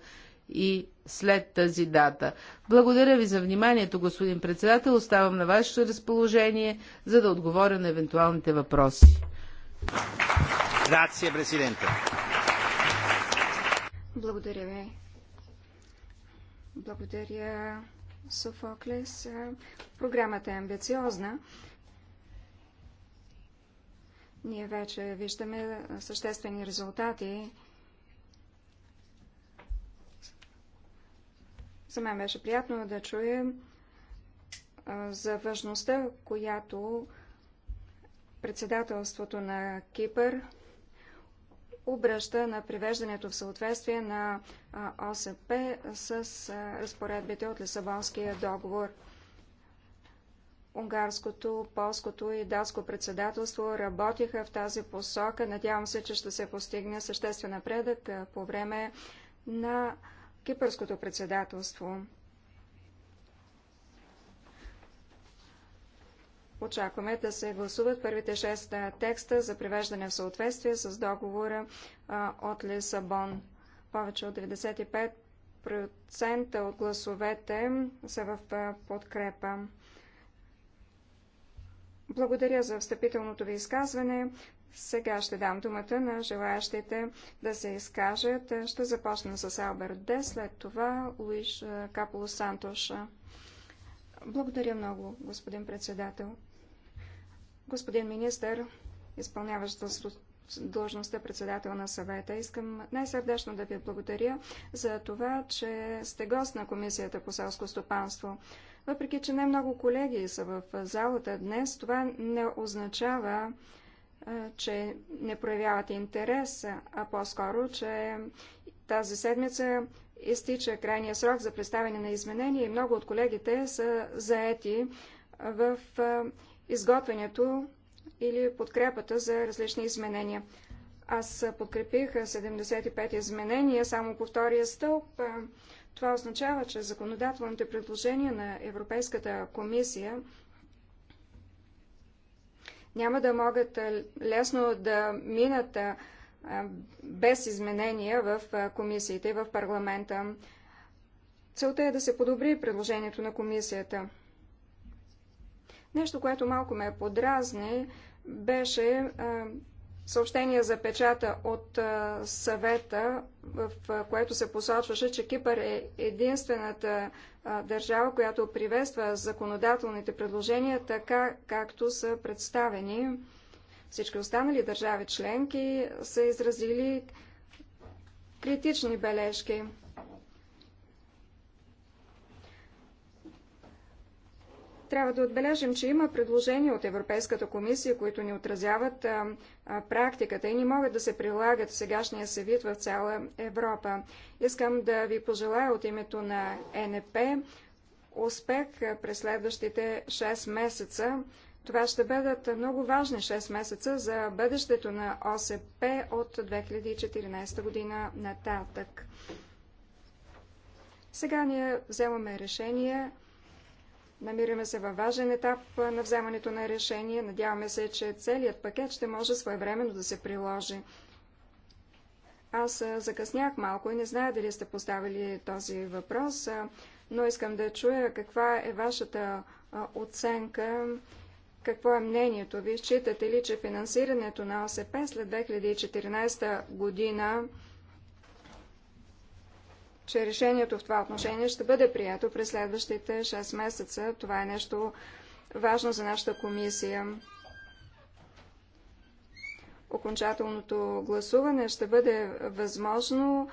и след тази дата. Благодаря ви за вниманието, господин председател. Оставам на вашето разположение, за да отговоря на евентуалните въпроси. Грация, президента. Благодаря ви. Благодаря, Софоклес. Програмата е амбициозна. Ние вече виждаме съществени резултати За мен беше приятно да чуем за важността, която председателството на Кипър обръща на привеждането в съответствие на ОСП с разпоредбите от Лисабонския договор. Унгарското, полското и датско председателство работиха в тази посока. Надявам се, че ще се постигне съществен напредък по време на кипърското председателство. Очакваме да се гласуват първите шест текста за привеждане в съответствие с договора а, от Лисабон. Повече от 95% от гласовете са в подкрепа. Благодаря за встъпителното ви изказване. Сега ще дам думата на желаящите да се изкажат. Ще започна с Алберт Де, след това Луиш Каполо Сантош. Благодаря много, господин председател. Господин министър, изпълняващ длъжността председател на съвета, искам най-сърдечно да ви благодаря за това, че сте гост на Комисията по селско стопанство. Въпреки, че не много колеги са в залата днес, това не означава, че не проявявате интерес, а по-скоро, че тази седмица изтича крайния срок за представяне на изменения и много от колегите са заети в изготвянето или подкрепата за различни изменения. Аз подкрепих 75 изменения само по втория стълб. Това означава, че законодателните предложения на Европейската комисия няма да могат лесно да минат без изменения в комисиите и в парламента. Целта е да се подобри предложението на комисията. Нещо, което малко ме подразни, беше съобщение за печата от съвета, в което се посочваше, че Кипър е единствената държава, която приветства законодателните предложения, така както са представени. Всички останали държави членки са изразили критични бележки. Трябва да отбележим, че има предложения от Европейската комисия, които ни отразяват а, а, практиката и не могат да се прилагат в сегашния се вид в цяла Европа. Искам да ви пожелая от името на НП успех през следващите 6 месеца. Това ще бъдат много важни 6 месеца за бъдещето на ОСП от 2014 година нататък. Сега ние вземаме решение Намираме се във важен етап на вземането на решение. Надяваме се, че целият пакет ще може своевременно да се приложи. Аз закъснях малко и не зная дали сте поставили този въпрос, но искам да чуя каква е вашата оценка, какво е мнението ви. Считате ли, че финансирането на ОСП след 2014 година че решението в това отношение ще бъде прието през следващите 6 месеца. Това е нещо важно за нашата комисия. Окончателното гласуване ще бъде възможно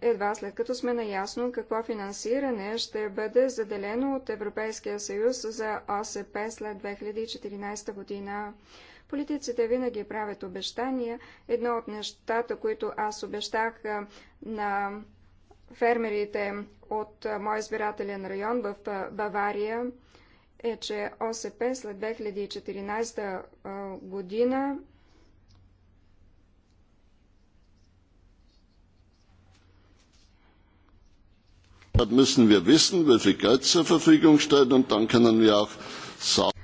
едва след като сме наясно какво финансиране ще бъде заделено от Европейския съюз за ОСП след 2014 година. Политиците винаги правят обещания. Едно от нещата, които аз обещах на фермерите от моя избирателен район в Бавария е, че ОСП след 2014 година müssen wir wissen, welche Geld zur Verfügung steht und dann können wir auch sagen,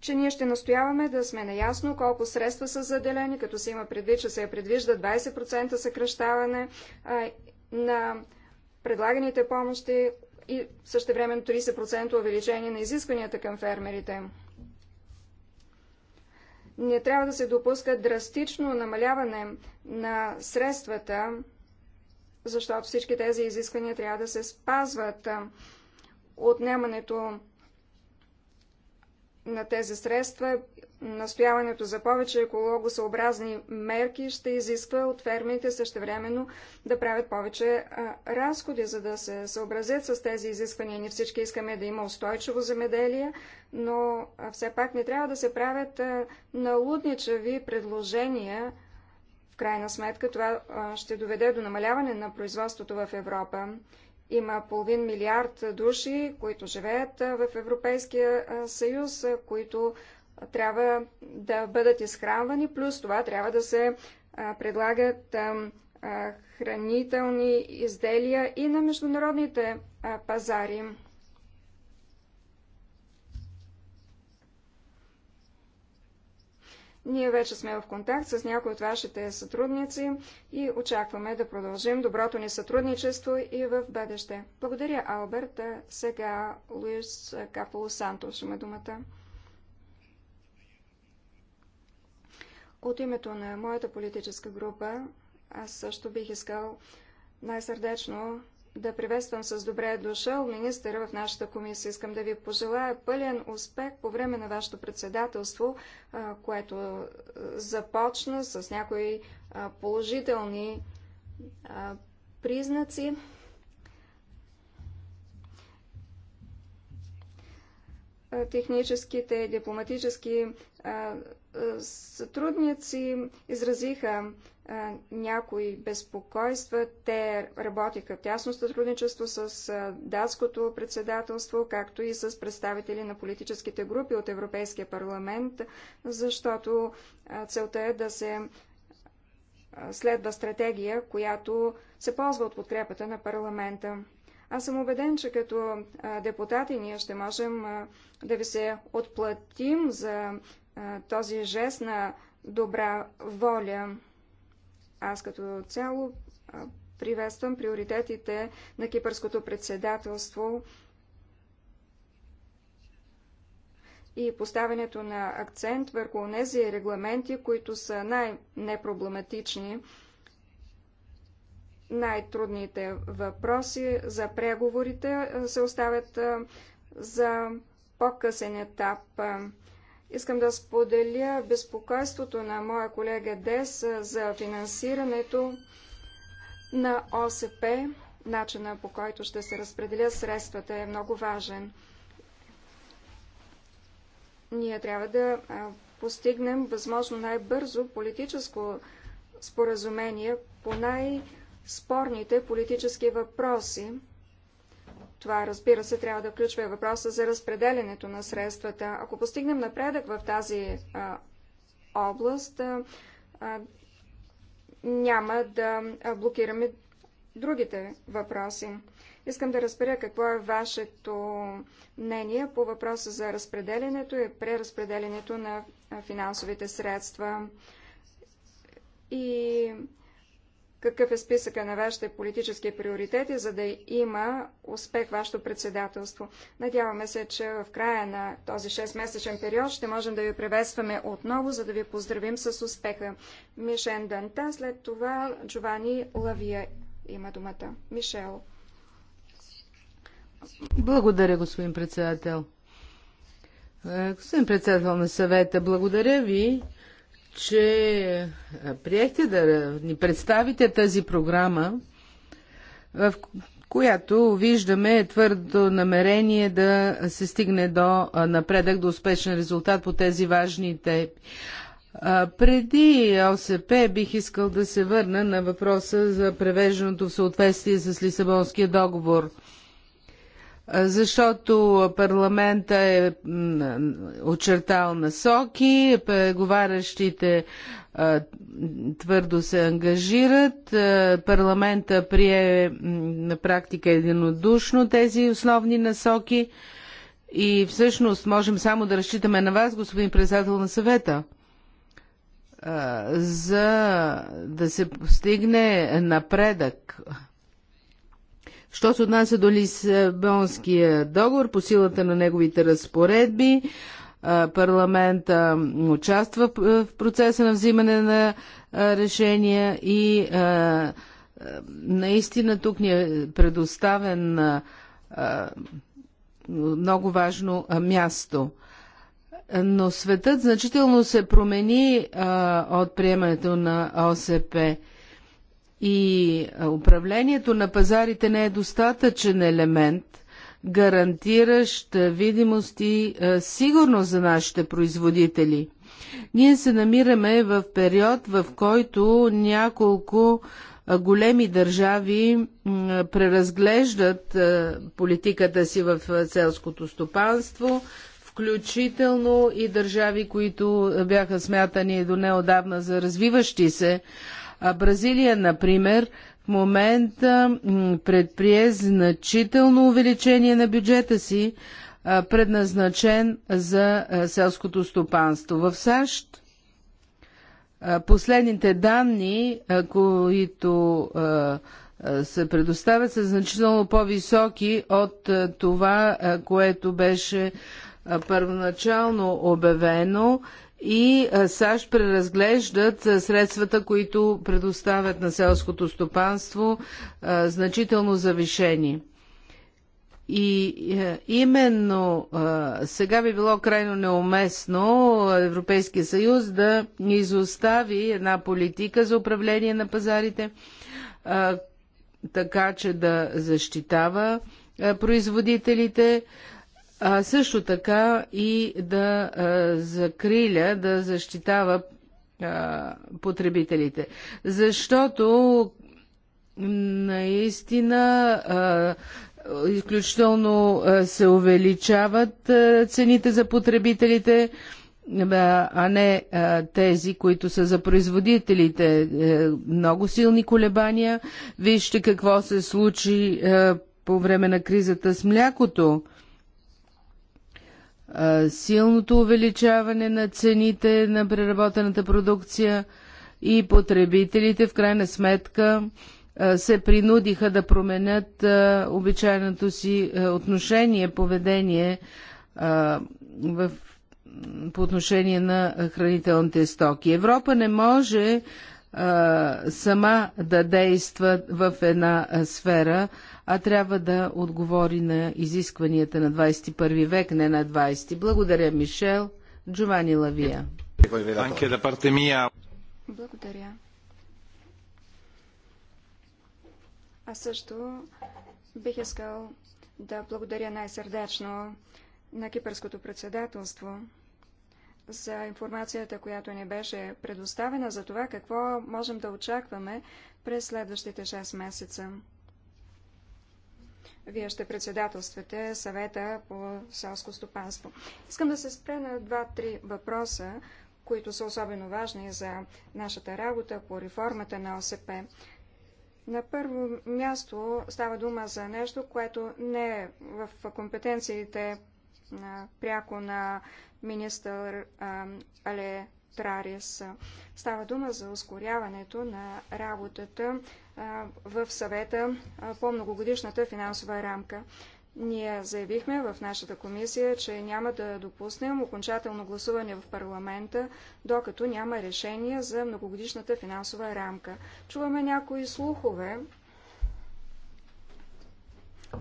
че ние ще настояваме да сме наясно колко средства са заделени, като се има предвид, че се предвижда 20% съкръщаване а, на предлаганите помощи и също време 30% увеличение на изискванията към фермерите. Не трябва да се допуска драстично намаляване на средствата, защото всички тези изисквания трябва да се спазват. Отнемането на тези средства, настояването за повече екологосъобразни мерки ще изисква от фермите същевременно да правят повече а, разходи, за да се съобразят с тези изисквания. Ние всички искаме да има устойчиво земеделие, но а, все пак не трябва да се правят а, налудничави предложения. В крайна сметка това ще доведе до намаляване на производството в Европа. Има половин милиард души, които живеят в Европейския съюз, които трябва да бъдат изхранвани, плюс това трябва да се предлагат хранителни изделия и на международните пазари. Ние вече сме в контакт с някои от вашите сътрудници и очакваме да продължим доброто ни сътрудничество и в бъдеще. Благодаря, Алберт. Сега Луис Каполо Сантос ще има думата. От името на моята политическа група аз също бих искал най-сърдечно да приветствам с добре дошъл министъра в нашата комисия. Искам да ви пожелая пълен успех по време на вашето председателство, което започна с някои положителни признаци. Техническите дипломатически е, сътрудници изразиха е, някои безпокойства. Те работиха в тясно сътрудничество с е, датското председателство, както и с представители на политическите групи от Европейския парламент, защото целта е да се следва стратегия, която се ползва от подкрепата на парламента. Аз съм убеден, че като депутати ние ще можем да ви се отплатим за този жест на добра воля. Аз като цяло приветствам приоритетите на кипърското председателство и поставянето на акцент върху тези регламенти, които са най-непроблематични, най-трудните въпроси за преговорите се оставят за по-късен етап. Искам да споделя безпокойството на моя колега Дес за финансирането на ОСП. Начина по който ще се разпределя средствата е много важен. Ние трябва да постигнем възможно най-бързо политическо споразумение по най-спорните политически въпроси това, разбира се, трябва да включва и въпроса за разпределенето на средствата. Ако постигнем напредък в тази а, област, а, а, няма да блокираме другите въпроси. Искам да разбера какво е вашето мнение по въпроса за разпределенето и преразпределенето на финансовите средства. И какъв е списъка на вашите политически приоритети, за да има успех вашето председателство. Надяваме се, че в края на този 6-месечен период ще можем да ви приветстваме отново, за да ви поздравим с успеха. Мишен Данта, след това Джовани Лавия има думата. Мишел. Благодаря, господин председател. Е, господин председател на съвета, благодаря ви че приехте да ни представите тази програма, в която виждаме твърдо намерение да се стигне до напредък, до успешен резултат по тези важни теми. Преди ОСП бих искал да се върна на въпроса за превеждането в съответствие с Лисабонския договор – защото парламента е очертал насоки, преговарящите твърдо се ангажират. Парламента прие на практика единодушно тези основни насоки и всъщност можем само да разчитаме на вас, господин председател на съвета за да се постигне напредък Що се отнася до Лисабонския договор, по силата на неговите разпоредби, парламента участва в процеса на взимане на решения и наистина тук ни е предоставен много важно място. Но светът значително се промени от приемането на ОСП. И управлението на пазарите не е достатъчен елемент, гарантиращ видимост и сигурност за нашите производители. Ние се намираме в период, в който няколко големи държави преразглеждат политиката си в селското стопанство, включително и държави, които бяха смятани до неодавна за развиващи се, а Бразилия, например, в момента предприе значително увеличение на бюджета си, предназначен за селското стопанство. В САЩ последните данни, които се предоставят, са значително по-високи от това, което беше първоначално обявено и САЩ преразглеждат средствата, които предоставят на селското стопанство значително завишени. И именно сега би било крайно неуместно Европейския съюз да ни изостави една политика за управление на пазарите, така че да защитава производителите, а също така и да а, закриля, да защитава а, потребителите. Защото наистина а, изключително се увеличават цените за потребителите, а не тези, които са за производителите. Е, много силни колебания. Вижте какво се случи по време на кризата с млякото силното увеличаване на цените на преработената продукция и потребителите в крайна сметка се принудиха да променят обичайното си отношение, поведение в, по отношение на хранителните стоки. Европа не може сама да действа в една сфера, а трябва да отговори на изискванията на 21 век, не на 20. Благодаря, Мишел. Джовани Лавия. Благодаря. Аз също бих искал да благодаря най-сърдечно на Кипърското председателство за информацията, която ни беше предоставена за това какво можем да очакваме през следващите 6 месеца вие ще председателствате съвета по селско стопанство. Искам да се спре на два-три въпроса, които са особено важни за нашата работа по реформата на ОСП. На първо място става дума за нещо, което не е в компетенциите на, пряко на министър Але Трарис. Става дума за ускоряването на работата в съвета по многогодишната финансова рамка. Ние заявихме в нашата комисия, че няма да допуснем окончателно гласуване в парламента, докато няма решение за многогодишната финансова рамка. Чуваме някои слухове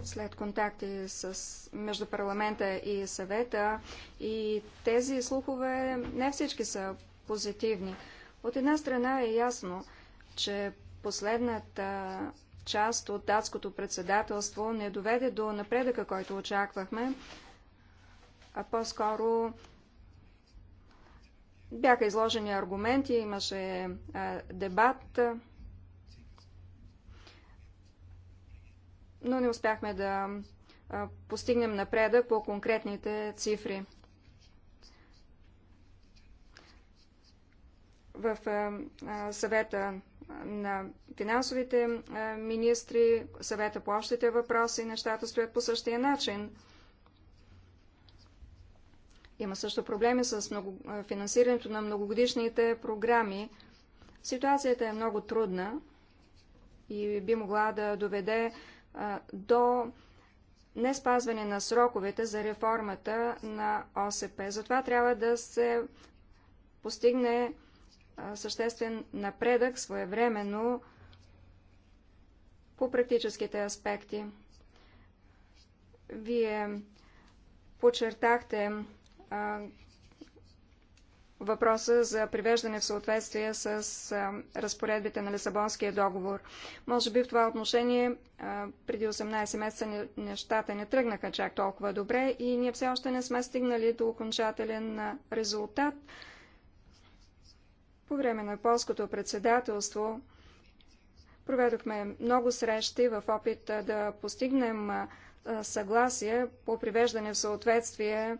след контакти с, между парламента и съвета и тези слухове не всички са позитивни. От една страна е ясно, че последната част от датското председателство не доведе до напредъка, който очаквахме, а по-скоро бяха изложени аргументи, имаше дебат, но не успяхме да постигнем напредък по конкретните цифри. В съвета на финансовите министри, съвета по общите въпроси, нещата стоят по същия начин. Има също проблеми с много, финансирането на многогодишните програми. Ситуацията е много трудна и би могла да доведе а, до не спазване на сроковете за реформата на ОСП. Затова трябва да се постигне съществен напредък своевременно по практическите аспекти. Вие подчертахте а, въпроса за привеждане в съответствие с а, разпоредбите на Лисабонския договор. Може би в това отношение а, преди 18 месеца нещата не тръгнаха чак толкова добре и ние все още не сме стигнали до окончателен резултат. По време на полското председателство проведохме много срещи в опит да постигнем съгласие по привеждане в съответствие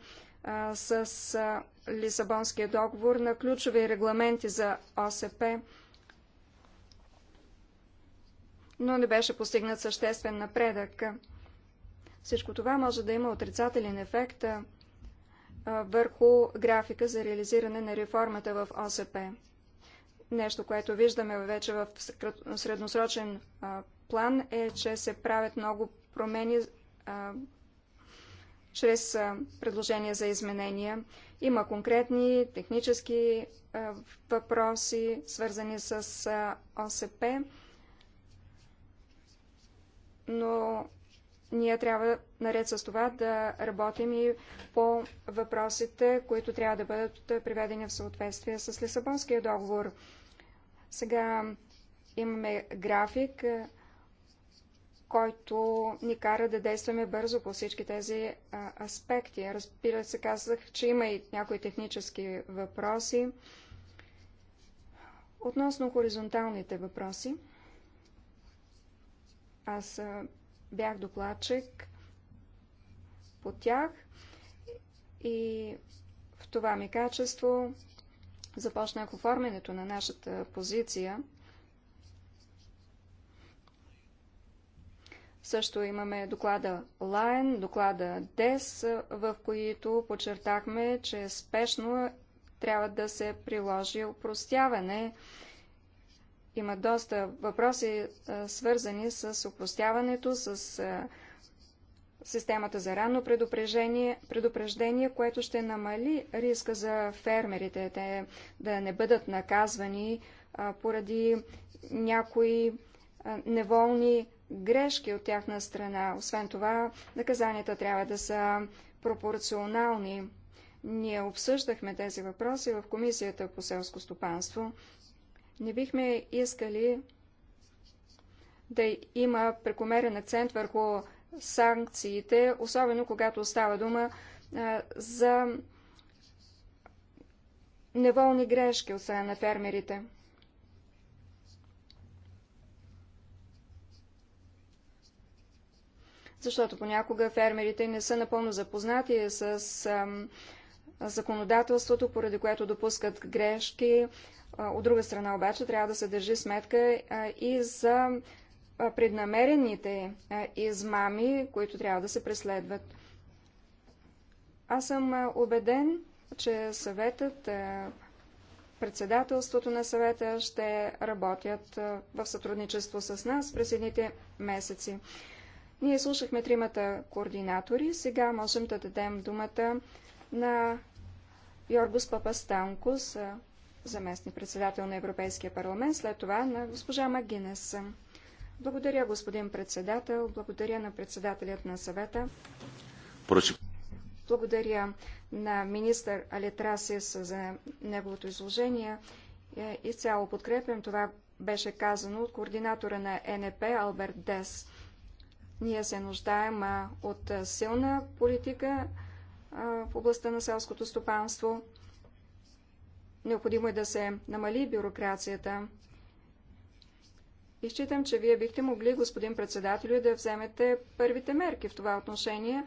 с Лисабонския договор на ключови регламенти за ОСП, но не беше постигнат съществен напредък. Всичко това може да има отрицателен ефект върху графика за реализиране на реформата в ОСП. Нещо, което виждаме вече в средносрочен план е, че се правят много промени а, чрез а, предложения за изменения. Има конкретни технически а, въпроси, свързани с а, ОСП, но ние трябва наред с това да работим и по въпросите, които трябва да бъдат приведени в съответствие с Лисабонския договор. Сега имаме график, е, който ни кара да действаме бързо по всички тези а, е, аспекти. Разбира се, казах, че има и някои технически въпроси. Относно хоризонталните въпроси, аз а, е, бях докладчик по тях и в това ми качество започнах оформянето на нашата позиция. Също имаме доклада Лайн, доклада ДЕС, в които подчертахме, че спешно трябва да се приложи упростяване. Има доста въпроси, свързани с упростяването, с системата за ранно предупреждение, предупреждение, което ще намали риска за фермерите, те да не бъдат наказвани а, поради някои а, неволни грешки от тяхна страна. Освен това, наказанията трябва да са пропорционални. Ние обсъждахме тези въпроси в Комисията по селско стопанство. Не бихме искали да има прекомерен акцент върху санкциите, особено когато става дума за неволни грешки от страна на фермерите. Защото понякога фермерите не са напълно запознати с законодателството, поради което допускат грешки. От друга страна обаче трябва да се държи сметка и за преднамерените измами, които трябва да се преследват. Аз съм убеден, че съветът, председателството на съвета ще работят в сътрудничество с нас през едните месеци. Ние слушахме тримата координатори. Сега можем да дадем думата на Йоргус Папастанкус, заместник председател на Европейския парламент, след това на госпожа Магинес. Благодаря, господин председател. Благодаря на председателят на съвета. Прочи. Благодаря на министър Алетрасис за неговото изложение. Е, изцяло подкрепям това беше казано от координатора на НП Алберт Дес. Ние се нуждаем от силна политика в областта на селското стопанство. Необходимо е да се намали бюрокрацията, и считам, че вие бихте могли, господин председател, да вземете първите мерки в това отношение,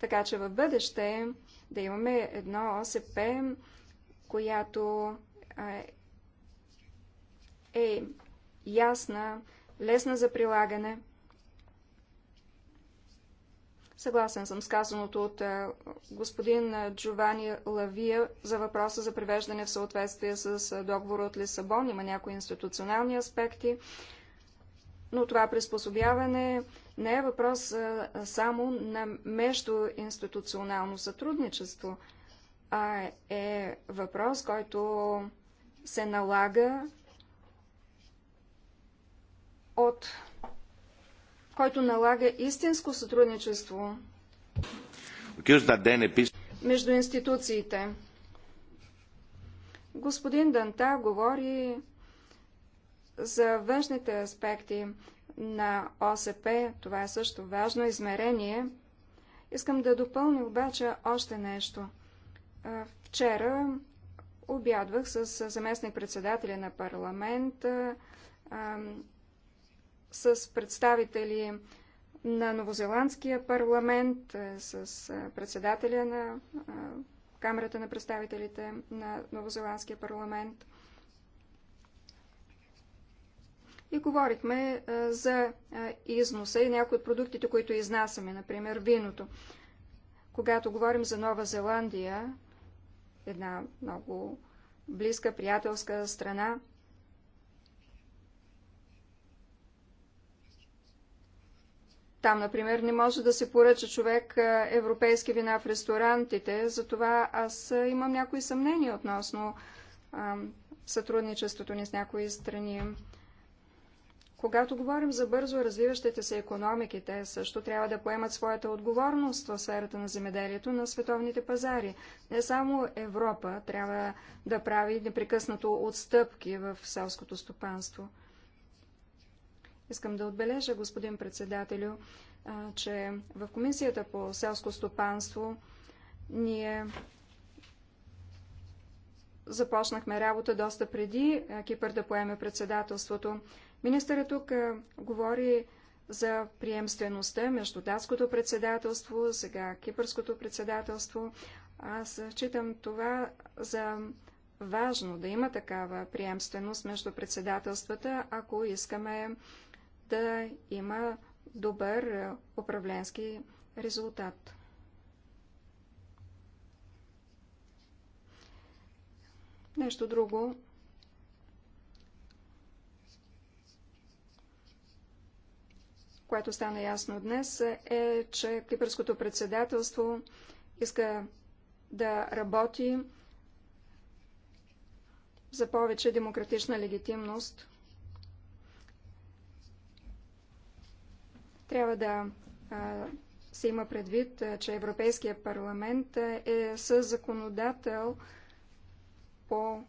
така че в бъдеще да имаме едно ОСП, която е, е ясна, лесна за прилагане. Съгласен съм с казаното от е, господин Джовани Лавия за въпроса за привеждане в съответствие с е, договора от Лисабон. Има някои институционални аспекти, но това приспособяване не е въпрос е, само на междуинституционално сътрудничество, а е въпрос, който се налага от който налага истинско сътрудничество е между институциите. Господин Данта говори за външните аспекти на ОСП. Това е също важно измерение. Искам да допълня обаче още нещо. Вчера обядвах с заместник-председателя на парламент с представители на Новозеландския парламент, е, с е, председателя на е, Камерата на представителите на Новозеландския парламент. И говорихме за износа и някои от продуктите, които изнасяме, например виното. Когато говорим за Нова Зеландия, една много близка приятелска страна, Там, например, не може да се поръча човек европейски вина в ресторантите, затова аз имам някои съмнения относно а, сътрудничеството ни с някои страни. Когато говорим за бързо развиващите се економики, те също трябва да поемат своята отговорност в сферата на земеделието на световните пазари. Не само Европа трябва да прави непрекъснато отстъпки в селското стопанство. Искам да отбележа, господин председателю, че в Комисията по селско стопанство ние започнахме работа доста преди Кипър да поеме председателството. Министърът тук говори за приемствеността между датското председателство, сега кипърското председателство. Аз считам това за важно да има такава приемственост между председателствата, ако искаме да има добър е, управленски резултат. Нещо друго. което стана ясно днес, е, че Кипърското председателство иска да работи за повече демократична легитимност Трябва да се има предвид, че Европейския парламент е със законодател по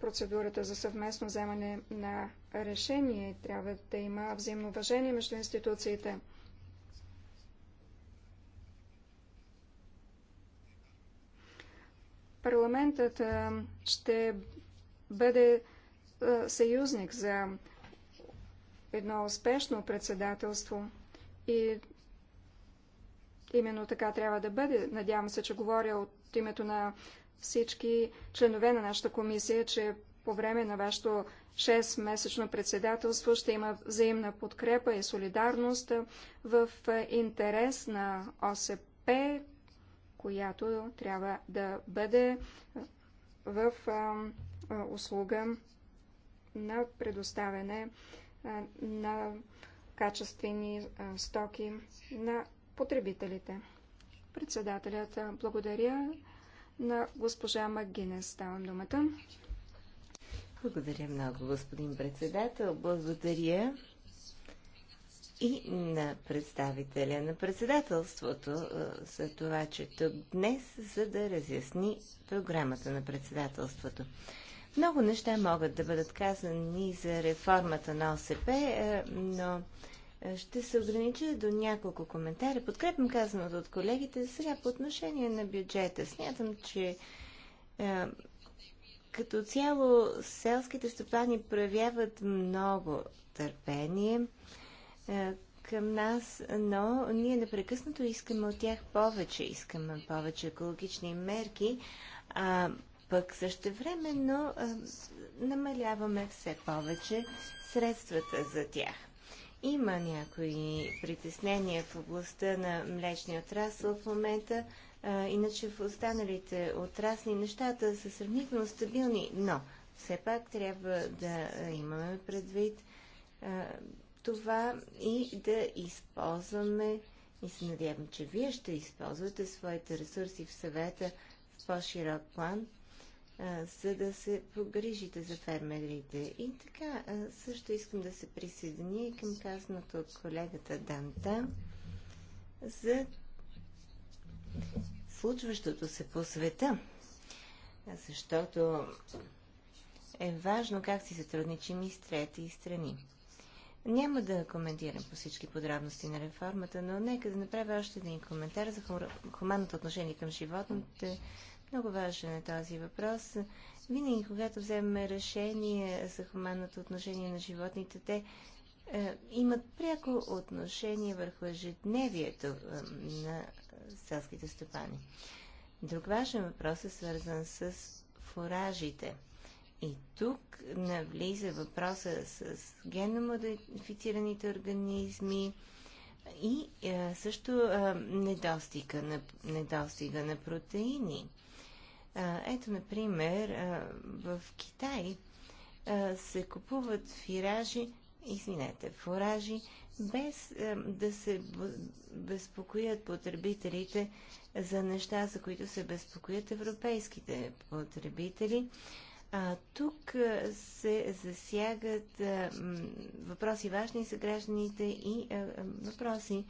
процедурата за съвместно вземане на решение. Трябва да има взаимно уважение между институциите. Парламентът ще бъде съюзник за едно успешно председателство. И именно така трябва да бъде. Надявам се, че говоря от името на всички членове на нашата комисия, че по време на вашето 6-месечно председателство ще има взаимна подкрепа и солидарност в интерес на ОСП, която трябва да бъде в услуга на предоставяне на качествени стоки на потребителите. Председателят благодаря на госпожа Магинес. Ставам думата. Благодаря много, господин председател. Благодаря и на представителя на председателството за това, че тук днес, за да разясни програмата на председателството. Много неща могат да бъдат казани за реформата на ОСП, е, но е, ще се огранича до няколко коментара. Подкрепям казаното от колегите. Сега по отношение на бюджета. Смятам, че е, като цяло селските стопани проявяват много търпение към нас, но ние непрекъснато искаме от тях повече. Искаме повече екологични мерки. А пък същевременно а, намаляваме все повече средствата за тях. Има някои притеснения в областта на млечния отрасъл в момента, а, иначе в останалите отрасли нещата са сравнително стабилни, но все пак трябва да имаме предвид а, това и да използваме и се надявам, че вие ще използвате своите ресурси в съвета в по-широк план – за да се погрижите за фермерите. И така, също искам да се присъединя и към казаното от колегата Данта за случващото се по света. Защото е важно как си сътрудничим и с трети страни. Няма да коментирам по всички подробности на реформата, но нека да направя още един коментар за хуманното отношение към животните много важен е този въпрос. Винаги, когато вземем решение за хуманното отношение на животните, те е, имат пряко отношение върху ежедневието е, на селските стопани. Друг важен въпрос е свързан с фуражите. И тук навлиза въпроса с генномодифицираните организми и е, също е, недостига, на, недостига на протеини. Ето, например, в Китай се купуват фиражи, извинете, фуражи, без да се безпокоят потребителите за неща, за които се безпокоят европейските потребители. А, тук се засягат а, въпроси важни за гражданите и а, въпроси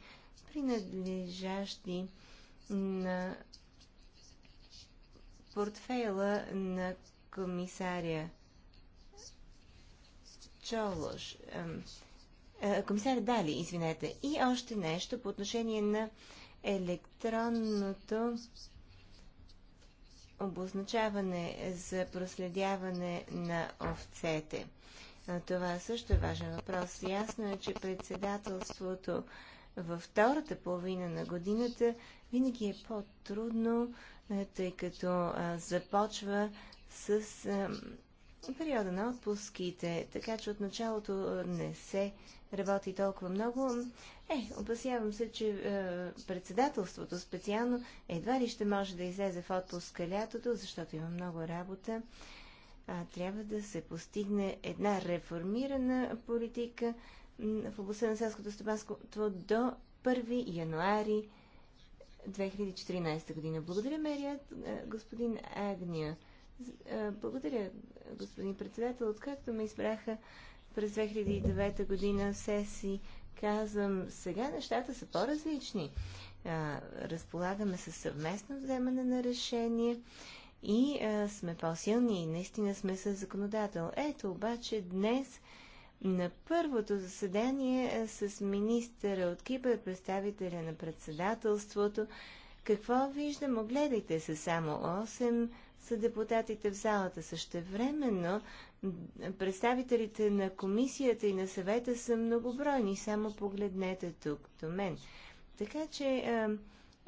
принадлежащи на портфейла на комисаря Чолош. Комисар Дали, извинете. И още нещо по отношение на електронното обозначаване за проследяване на овцете. Това също е важен въпрос. Ясно е, че председателството във втората половина на годината винаги е по-трудно е, тъй като започва с периода на отпуските, така че от началото не се работи толкова много. Е, опасявам се, че е, председателството специално едва ли ще може да излезе в отпуска лятото, защото има много работа. А, трябва да се постигне една реформирана политика в областта на селското стопанство до 1 януари 2014 година. Благодаря, Мерият, е, господин Агния. Е, благодаря, господин председател. Откакто ме избраха през 2009 година сеси, казвам, сега нещата са по-различни. Е, разполагаме с съвместно вземане на решение и сме по-силни и наистина сме с законодател. Ето обаче днес на първото заседание е, с министъра от Кипър, представителя на председателството, какво виждам? Огледайте се само 8 са депутатите в залата. Същевременно представителите на комисията и на съвета са многобройни. Само погледнете тук до мен. Така че а, е,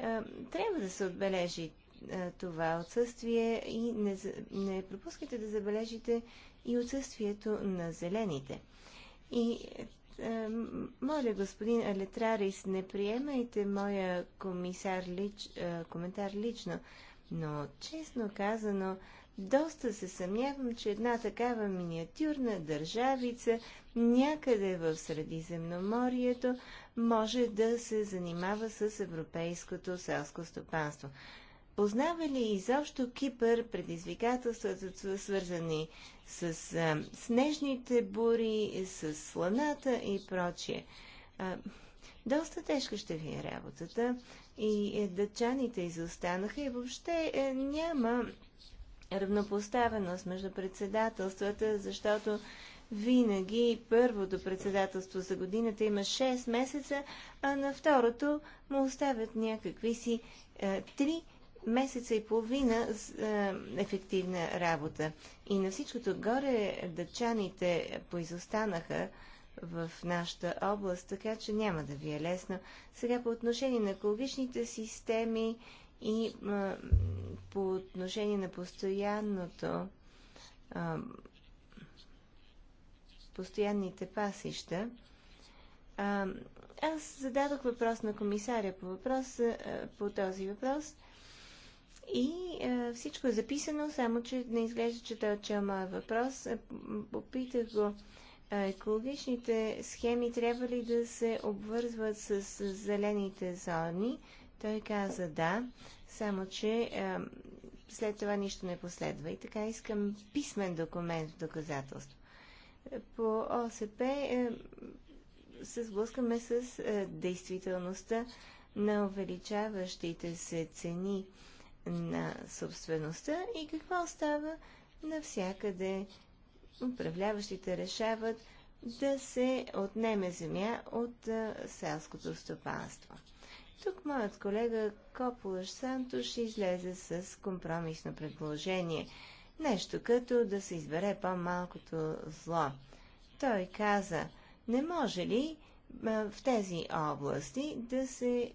а, е, трябва да се отбележи а, това отсъствие и не, не пропускайте да забележите и отсъствието на зелените. И е, моля, господин Алетрарис, не приемайте моя комисар лич, е, коментар лично, но честно казано, доста се съмнявам, че една такава миниатюрна държавица някъде в Средиземноморието може да се занимава с европейското селско стопанство. Познава ли изобщо Кипър предизвикателствата, свързани с а, снежните бури, с сланата и прочие? А, доста тежка ще ви е работата и е, дъчаните изостанаха и въобще е, няма равнопоставеност между председателствата, защото винаги първото председателство за годината има 6 месеца, а на второто му оставят някакви си е, 3 месеца и половина за е, ефективна работа. И на всичкото горе дъчаните поизостанаха в нашата област, така че няма да ви е лесно. Сега по отношение на екологичните системи и а, е, по отношение на постоянното а, е, постоянните пасища. А, аз зададох въпрос на комисаря по, въпрос, а, по този въпрос – и а, е, всичко е записано, само че не изглежда, че той отчел моят въпрос. Е, попитах го, е, екологичните схеми трябва ли да се обвързват с, с зелените зони? Той каза да, само че а, след това нищо не последва. И така искам писмен документ в доказателство. По ОСП се сблъскаме с а, действителността на увеличаващите се цени на собствеността и какво става навсякъде. Управляващите решават да се отнеме земя от селското стопанство. Тук моят колега Кополаш Сантош излезе с компромисно предложение. Нещо като да се избере по-малкото зло. Той каза, не може ли в тези области да се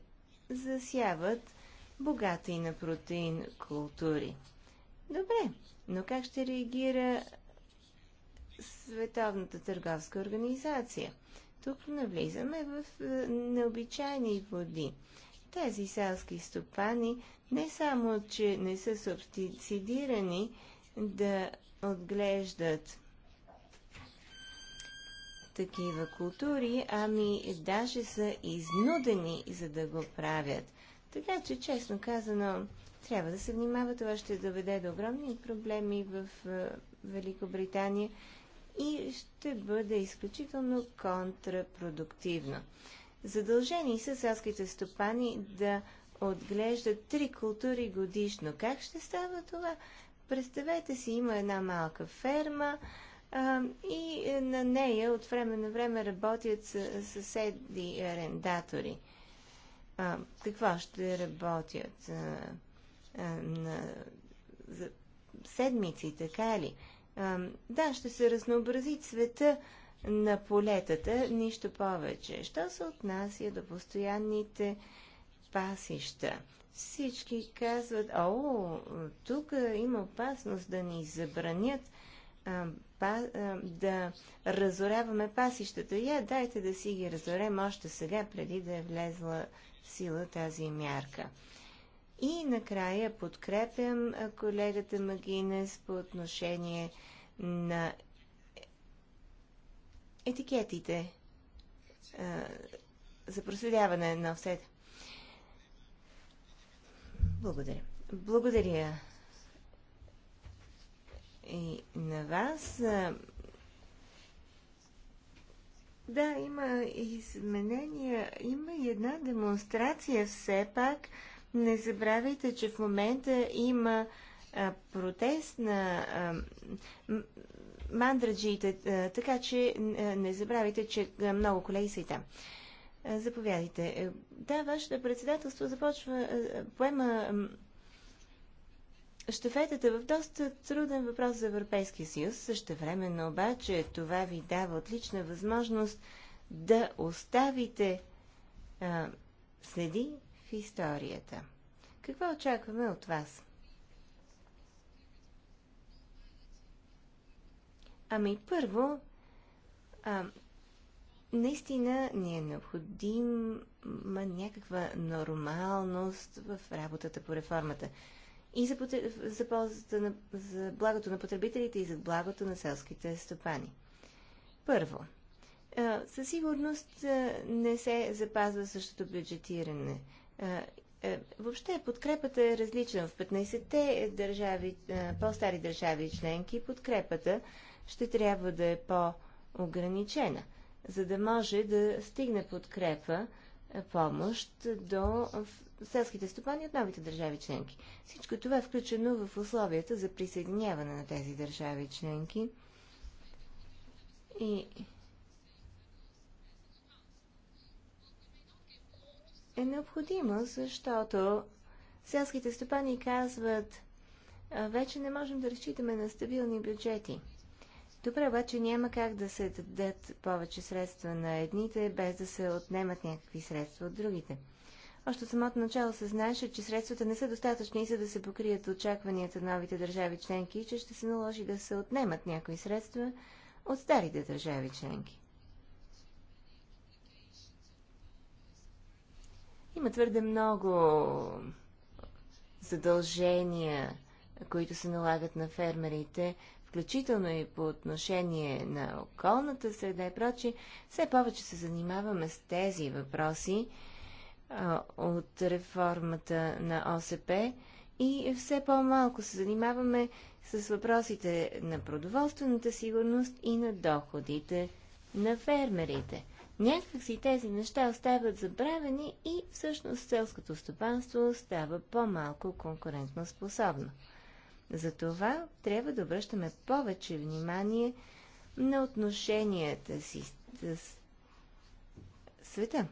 засяват богата и на протеин култури. Добре, но как ще реагира Световната търговска организация? Тук навлизаме в е, необичайни води. Тези селски стопани не само, че не са субсидирани да отглеждат такива култури, ами даже са изнудени за да го правят. Така че, честно казано, трябва да се внимава. Това ще доведе до огромни проблеми в е, Великобритания и ще бъде изключително контрапродуктивно. Задължени са селските стопани да отглеждат три култури годишно. Как ще става това? Представете си, има една малка ферма а, и е, на нея от време на време работят съседи арендатори а, какво ще работят а, а, на, за седмици, така е ли? А, да, ще се разнообрази цвета на полетата, нищо повече. Що се отнася до постоянните пасища? Всички казват, о, тук има опасност да ни забранят а, па, а, да разоряваме пасищата. Я, дайте да си ги разорем още сега, преди да е влезла сила тази мярка. И накрая подкрепям колегата Магинес по отношение на етикетите а, за проследяване на офсет. Благодаря. Благодаря и на вас. Да, има изменения, има и една демонстрация все пак. Не забравяйте, че в момента има а, протест на а, мандраджиите, а, така че а, не забравяйте, че а, много колеги са и там. А, заповядайте. Е, да, вашето председателство започва, а, поема. А, е в доста труден въпрос за Европейския съюз. Същевременно обаче това ви дава отлична възможност да оставите а, следи в историята. Какво очакваме от вас? Ами първо, а, наистина ни е необходима някаква нормалност в работата по реформата и за, за ползата на, за благото на потребителите и за благото на селските стопани. Първо, със сигурност не се запазва същото бюджетиране. Въобще подкрепата е различна. В 15-те държави, по-стари държави и членки подкрепата ще трябва да е по-ограничена, за да може да стигне подкрепа помощ до селските стопани от новите държави членки. Всичко това е включено в условията за присъединяване на тези държави членки. И е необходимо, защото селските стопани казват, вече не можем да разчитаме на стабилни бюджети. Добре, обаче няма как да се дадат повече средства на едните, без да се отнемат някакви средства от другите. Още от самото начало се знаеше, че средствата не са достатъчни за да се покрият очакванията на новите държави членки и че ще се наложи да се отнемат някои средства от старите държави членки. Има твърде много задължения, които се налагат на фермерите, включително и по отношение на околната среда и прочи, все повече се занимаваме с тези въпроси от реформата на ОСП и все по-малко се занимаваме с въпросите на продоволствената сигурност и на доходите на фермерите. Някак си тези неща остават забравени и всъщност селското стопанство става по-малко конкурентно способно. Затова трябва да обръщаме повече внимание на отношенията си с света.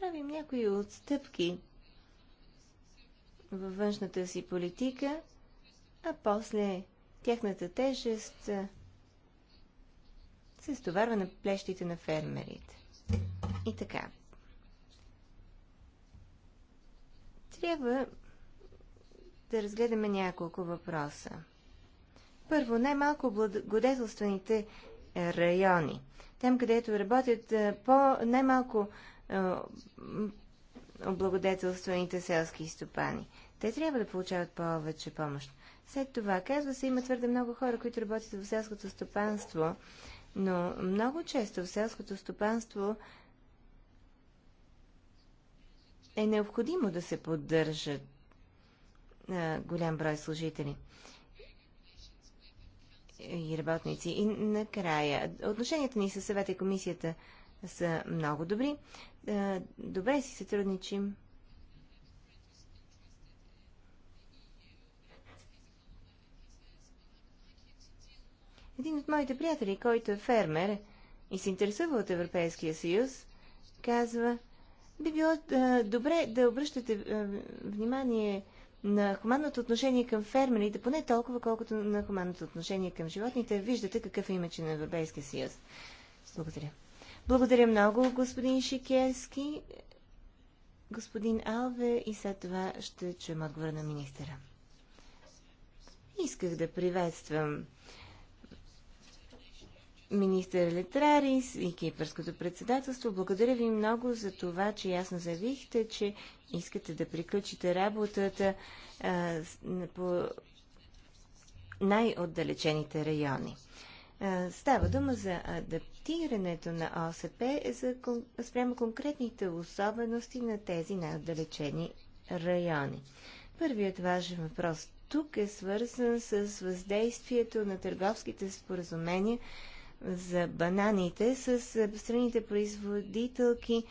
правим някои отстъпки във външната си политика, а после тяхната тежест се стоварва на плещите на фермерите. И така. Трябва да разгледаме няколко въпроса. Първо, най-малко благодетелстваните райони. Там, където работят по най-малко облагодетелстваните селски стопани. Те трябва да получават повече помощ. След това, казва се, има твърде много хора, които работят в селското стопанство, но много често в селското стопанство е необходимо да се поддържат а, голям брой служители и работници. И накрая, отношенията ни с съвета и комисията са много добри, е, добре си сътрудничим. Един от моите приятели, който е фермер и се интересува от Европейския съюз, казва, би било а, е, добре да обръщате а, е, внимание на хуманното отношение към фермерите, поне толкова, колкото на хуманното отношение към животните. Виждате какъв е имече на Европейския съюз. Благодаря. Благодаря много, господин Шикерски. Господин Алве и след това ще чуем отговора на министъра. Исках да приветствам министър Летрарис и Кипърското председателство. Благодаря ви много за това, че ясно заявихте, че искате да приключите работата а, по най-отдалечените райони. Става дума за адаптирането на ОСП за, спрямо конкретните особености на тези най-отдалечени райони. Първият важен въпрос тук е свързан с въздействието на търговските споразумения за бананите с страните производителки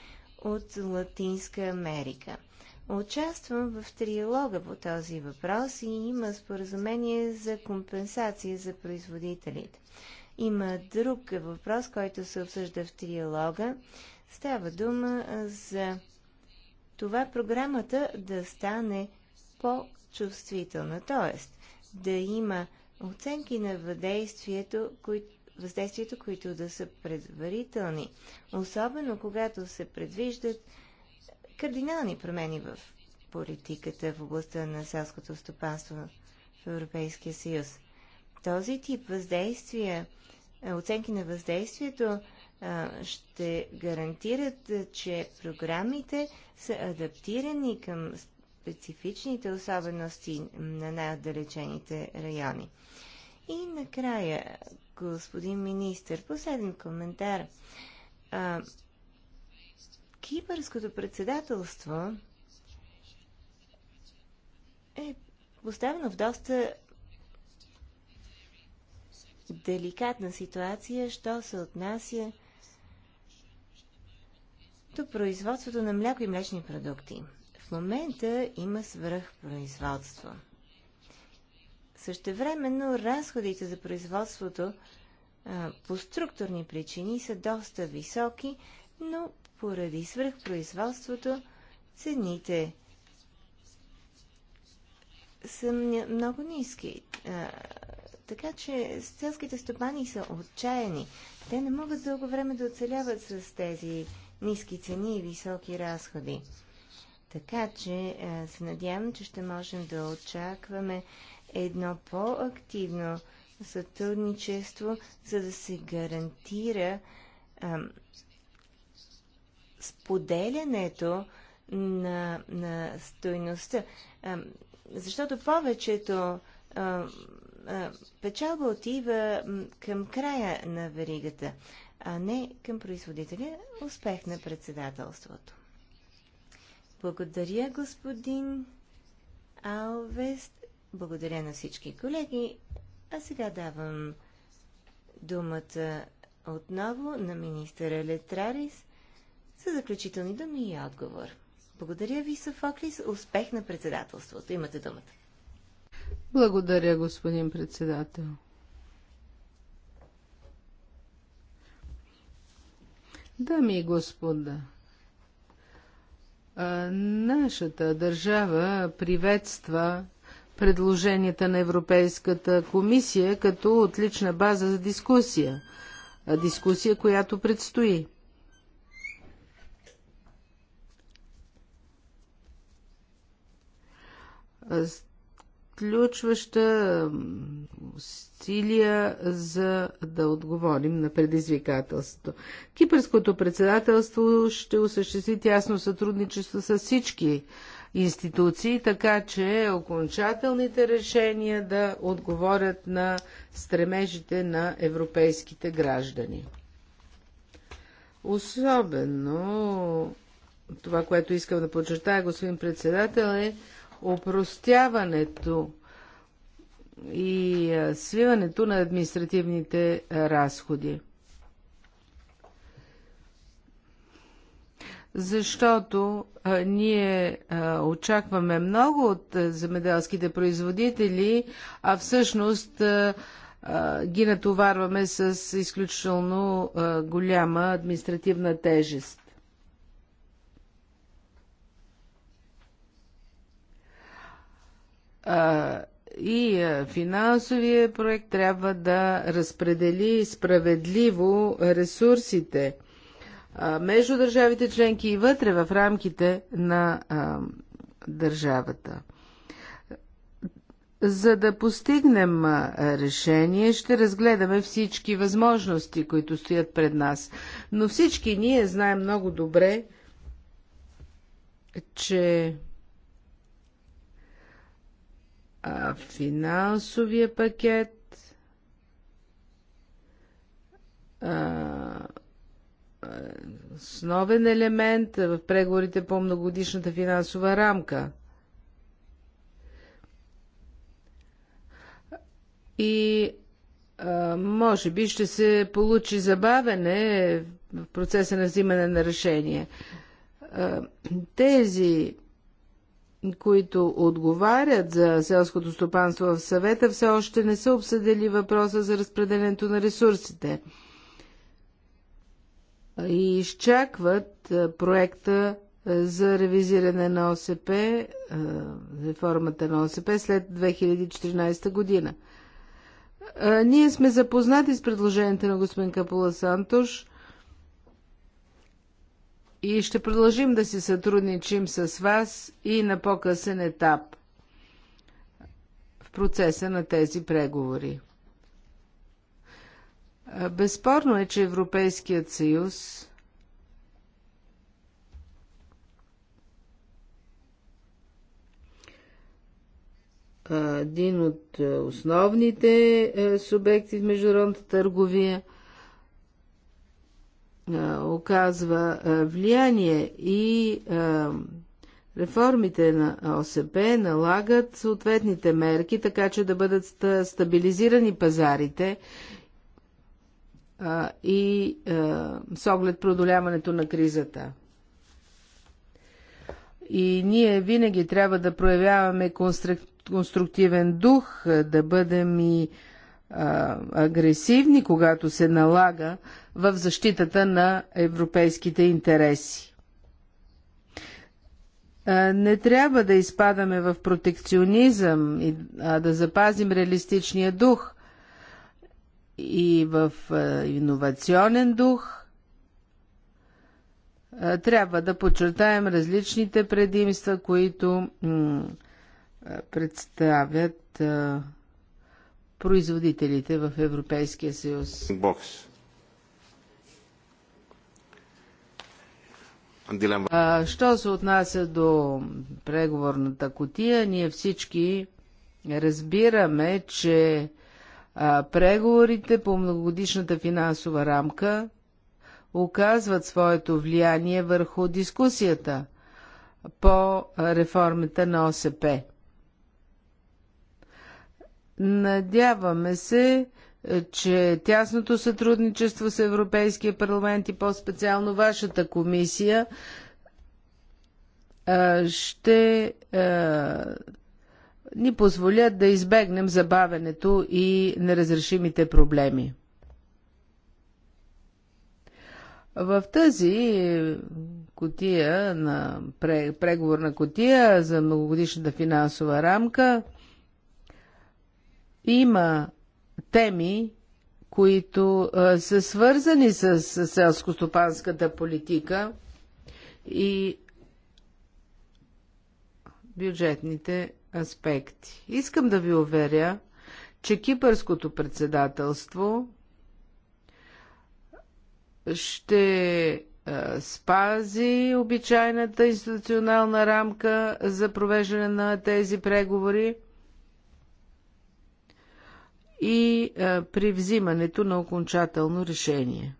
от Латинска Америка. Участвам в триалога по този въпрос и има споразумение за компенсация за производителите. Има друг въпрос, който се обсъжда в триалога. Става дума за това програмата да стане по-чувствителна, т.е. да има оценки на въздействието, които въздействието, които да са предварителни, особено когато се предвиждат кардинални промени в политиката в областта на селското стопанство в Европейския съюз. Този тип въздействия е, оценки на въздействието ще гарантират, че програмите са адаптирани към специфичните особености на най-отдалечените райони. И накрая, господин министр, последен коментар. кипърското председателство е поставено в доста деликатна ситуация, що се отнася до производството на мляко и млечни продукти. В момента има свръхпроизводство. Същевременно разходите за производството по структурни причини са доста високи, но поради свръхпроизводството цените са много ниски. Така че селските стопани са отчаяни. Те не могат дълго време да оцеляват с тези ниски цени и високи разходи. Така че е, се надявам, че ще можем да очакваме едно по-активно сътрудничество, за да се гарантира ам, споделянето на, на стойността. Ам, защото повечето ам, печалба отива към края на веригата, а не към производителя. Успех на председателството. Благодаря, господин Алвест. Благодаря на всички колеги. А сега давам думата отново на министъра Летрарис за заключителни думи и отговор. Благодаря ви, Софоклис. Успех на председателството. Имате думата. Благодаря, господин председател. Дами и господа, нашата държава приветства предложенията на Европейската комисия като отлична база за дискусия. Дискусия, която предстои включваща усилия за да отговорим на предизвикателството. Кипърското председателство ще осъществи тясно сътрудничество с всички институции, така че окончателните решения да отговорят на стремежите на европейските граждани. Особено това, което искам да подчертая, господин председател, е, Опростяването и свиването на административните разходи. Защото а, ние а, очакваме много от земеделските производители, а всъщност а, а, ги натоварваме с изключително а, голяма административна тежест. и финансовия проект трябва да разпредели справедливо ресурсите между държавите членки и вътре в рамките на държавата. За да постигнем решение, ще разгледаме всички възможности, които стоят пред нас. Но всички ние знаем много добре, че финансовия пакет, основен елемент в преговорите по многодишната финансова рамка. И може би ще се получи забавене в процеса на взимане на решение. Тези които отговарят за селското стопанство в съвета, все още не са обсъдили въпроса за разпределението на ресурсите и изчакват проекта за ревизиране на ОСП, реформата на ОСП след 2014 година. Ние сме запознати с предложението на господин Капула Сантош – и ще продължим да си сътрудничим с вас и на по-късен етап в процеса на тези преговори. Безспорно е, че Европейският съюз един от основните субекти в международната търговия – е, оказва е, влияние и е, реформите на ОСП налагат съответните мерки, така че да бъдат стабилизирани пазарите и с оглед продоляването на кризата. И ние винаги трябва да проявяваме конструктивен дух, да бъдем и агресивни, когато се налага в защитата на европейските интереси. Не трябва да изпадаме в протекционизъм, а да запазим реалистичния дух и в иновационен дух. Трябва да подчертаем различните предимства, които представят производителите в Европейския съюз. Бокс. А, що се отнася до преговорната котия, ние всички разбираме, че а, преговорите по многогодишната финансова рамка оказват своето влияние върху дискусията по реформата на ОСП. Надяваме се че тясното сътрудничество с Европейския парламент и по-специално вашата комисия ще ни позволят да избегнем забавенето и неразрешимите проблеми. В тази котия, на преговорна котия за многогодишната финансова рамка има теми, които а, са свързани с, с стопанската политика и бюджетните аспекти. Искам да ви уверя, че кипърското председателство ще а, спази обичайната институционална рамка за провеждане на тези преговори – и а, е, при взимането на окончателно решение.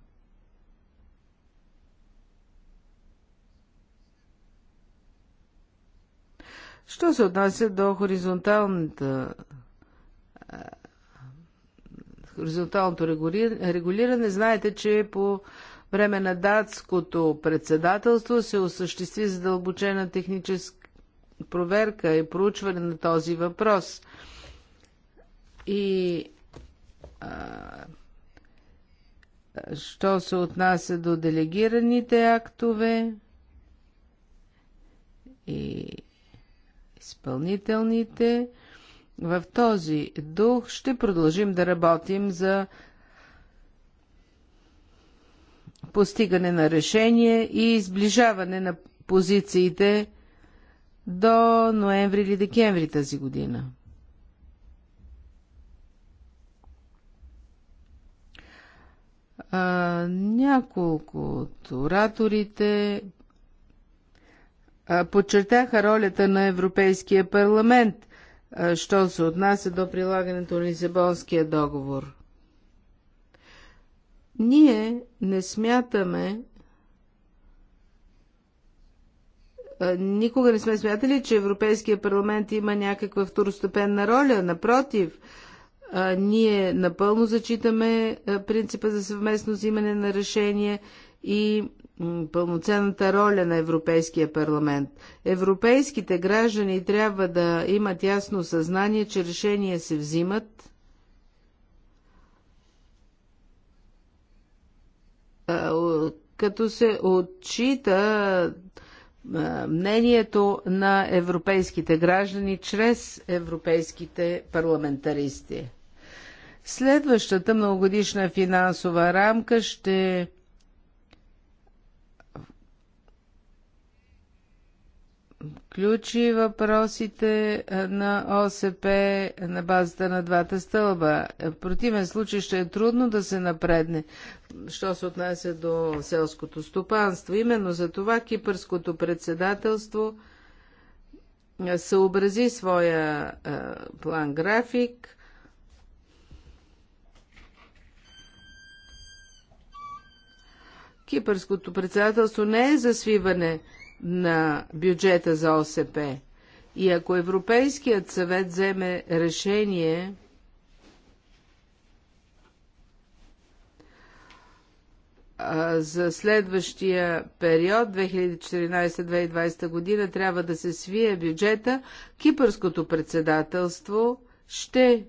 Що се отнася до хоризонталната е, хоризонталното регулиране, знаете, че по време на датското председателство се осъществи задълбочена техническа проверка и проучване на този въпрос – и а, що се отнася до делегираните актове и изпълнителните, в този дух ще продължим да работим за постигане на решение и изближаване на позициите до ноември или декември тази година. а, няколко от ораторите а, подчертаха ролята на Европейския парламент, а, що се отнася до прилагането на Лисабонския договор. Ние не смятаме, никога не сме смятали, че Европейския парламент има някаква второстепенна роля. Напротив, ние напълно зачитаме принципа за съвместно взимане на решение и пълноценната роля на Европейския парламент. Европейските граждани трябва да имат ясно съзнание, че решения се взимат като се отчита мнението на европейските граждани чрез европейските парламентаристи. Следващата многогодишна финансова рамка ще включи въпросите на ОСП на базата на двата стълба. В противен случай ще е трудно да се напредне, що се отнася до селското стопанство. Именно за това кипърското председателство съобрази своя план график – Кипърското председателство не е за свиване на бюджета за ОСП. И ако Европейският съвет вземе решение за следващия период 2014-2020 година трябва да се свие бюджета, Кипърското председателство ще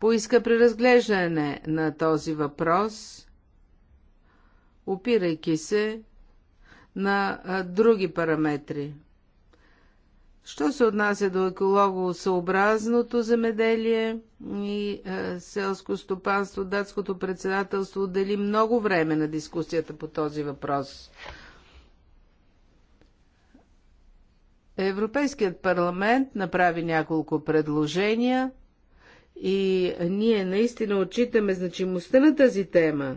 поиска преразглеждане на този въпрос, опирайки се на други параметри. Що се отнася до екологосъобразното земеделие и е, селско стопанство, датското председателство отдели много време на дискусията по този въпрос. Европейският парламент направи няколко предложения – и ние наистина отчитаме значимостта на тази тема.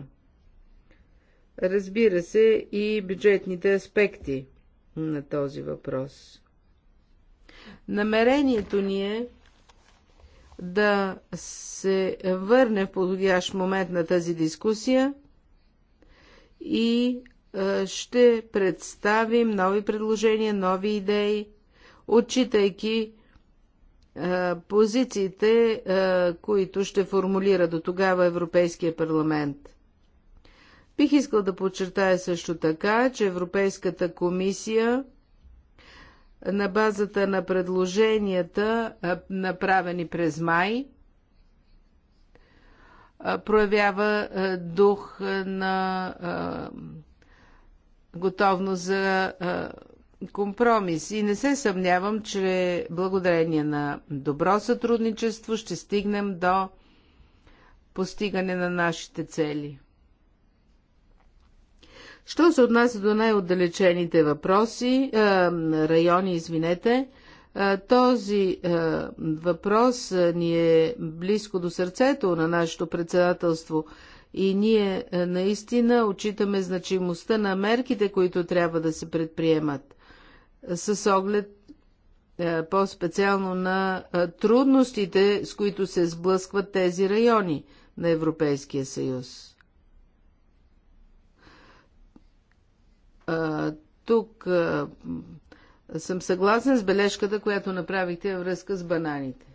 Разбира се и бюджетните аспекти на този въпрос. Намерението ни е да се върне в подходящ момент на тази дискусия и ще представим нови предложения, нови идеи, отчитайки е, позициите, е, които ще формулира до тогава Европейския парламент. Бих искал да подчертая също така, че Европейската комисия на базата на предложенията, е, направени през май, проявява дух на готовност за компромис и не се съмнявам, че благодарение на добро сътрудничество ще стигнем до постигане на нашите цели. Що се отнася до най-отдалечените въпроси, е, райони, извинете, е, този е, въпрос ни е близко до сърцето на нашето председателство и ние наистина отчитаме значимостта на мерките, които трябва да се предприемат с оглед е, по-специално на е, трудностите, с които се сблъскват тези райони на Европейския съюз. Е, тук съм съгласен с бележката, която направихте във връзка с бананите.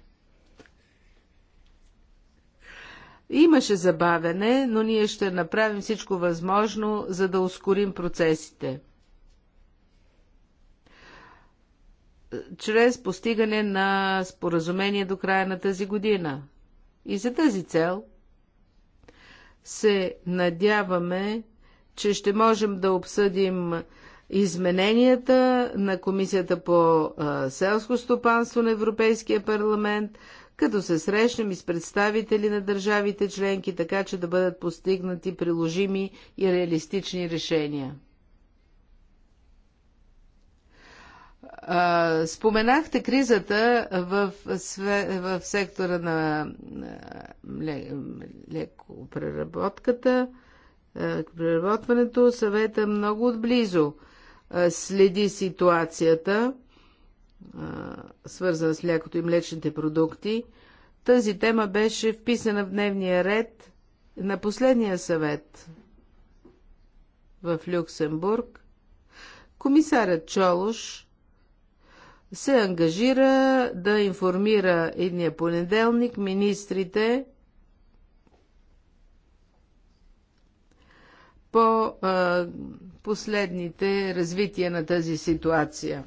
Имаше забавяне, но ние ще направим всичко възможно, за да ускорим процесите – чрез постигане на споразумение до края на тази година. И за тази цел се надяваме, че ще можем да обсъдим измененията на Комисията по селско стопанство на Европейския парламент, като се срещнем и с представители на държавите членки, така че да бъдат постигнати приложими и реалистични решения. Споменахте кризата в, в сектора на лекопреработката, преработването. Съвета е много отблизо следи ситуацията, свързана с лякото и млечните продукти. Тази тема беше вписана в дневния ред на последния съвет в Люксембург. Комисарят Чолош се ангажира да информира едния понеделник министрите по а, последните развития на тази ситуация.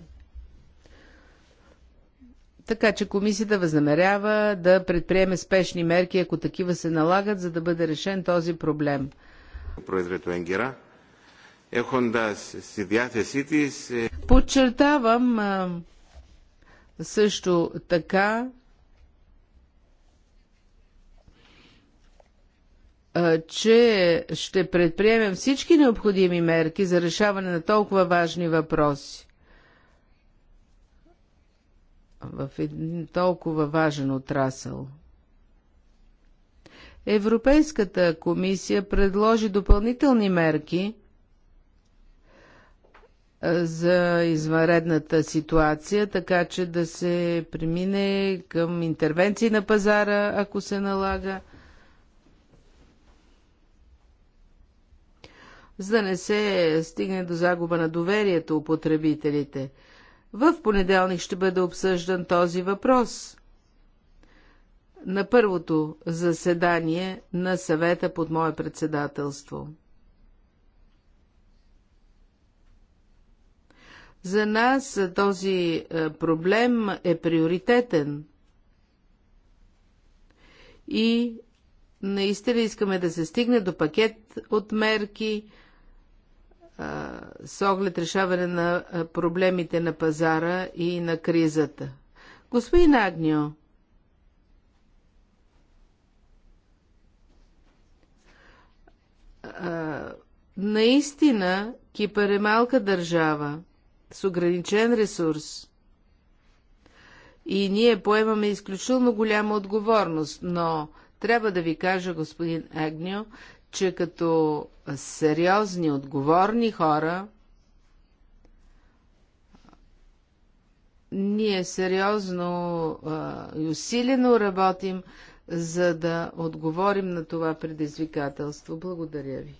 Така че комисията възнамерява да предприеме спешни мерки, ако такива се налагат, за да бъде решен този проблем. Е- Подчертавам, също така че ще предприемем всички необходими мерки за решаване на толкова важни въпроси. В един толкова важен отрасъл. Европейската комисия предложи допълнителни мерки за извънредната ситуация, така че да се премине към интервенции на пазара, ако се налага, за да не се стигне до загуба на доверието у потребителите. В понеделник ще бъде обсъждан този въпрос на първото заседание на съвета под мое председателство. За нас този проблем е приоритетен и наистина искаме да се стигне до пакет от мерки с оглед решаване на проблемите на пазара и на кризата. Господин Агнио, наистина Кипър е малка държава с ограничен ресурс. И ние поемаме изключително голяма отговорност, но трябва да ви кажа, господин Агньо, че като сериозни, отговорни хора, ние сериозно и усилено работим, за да отговорим на това предизвикателство. Благодаря ви.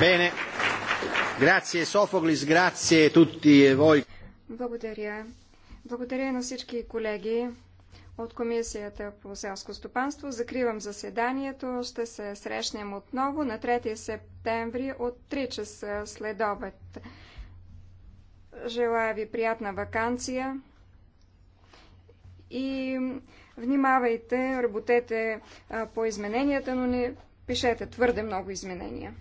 Bene. Grazie grazie tutti e voi. Благодаря. Благодаря на всички колеги от Комисията по селско стопанство. Закривам заседанието. Ще се срещнем отново на 3 септември от 3 часа след обед. Желая ви приятна вакансия и внимавайте, работете по измененията, но не пишете твърде много изменения.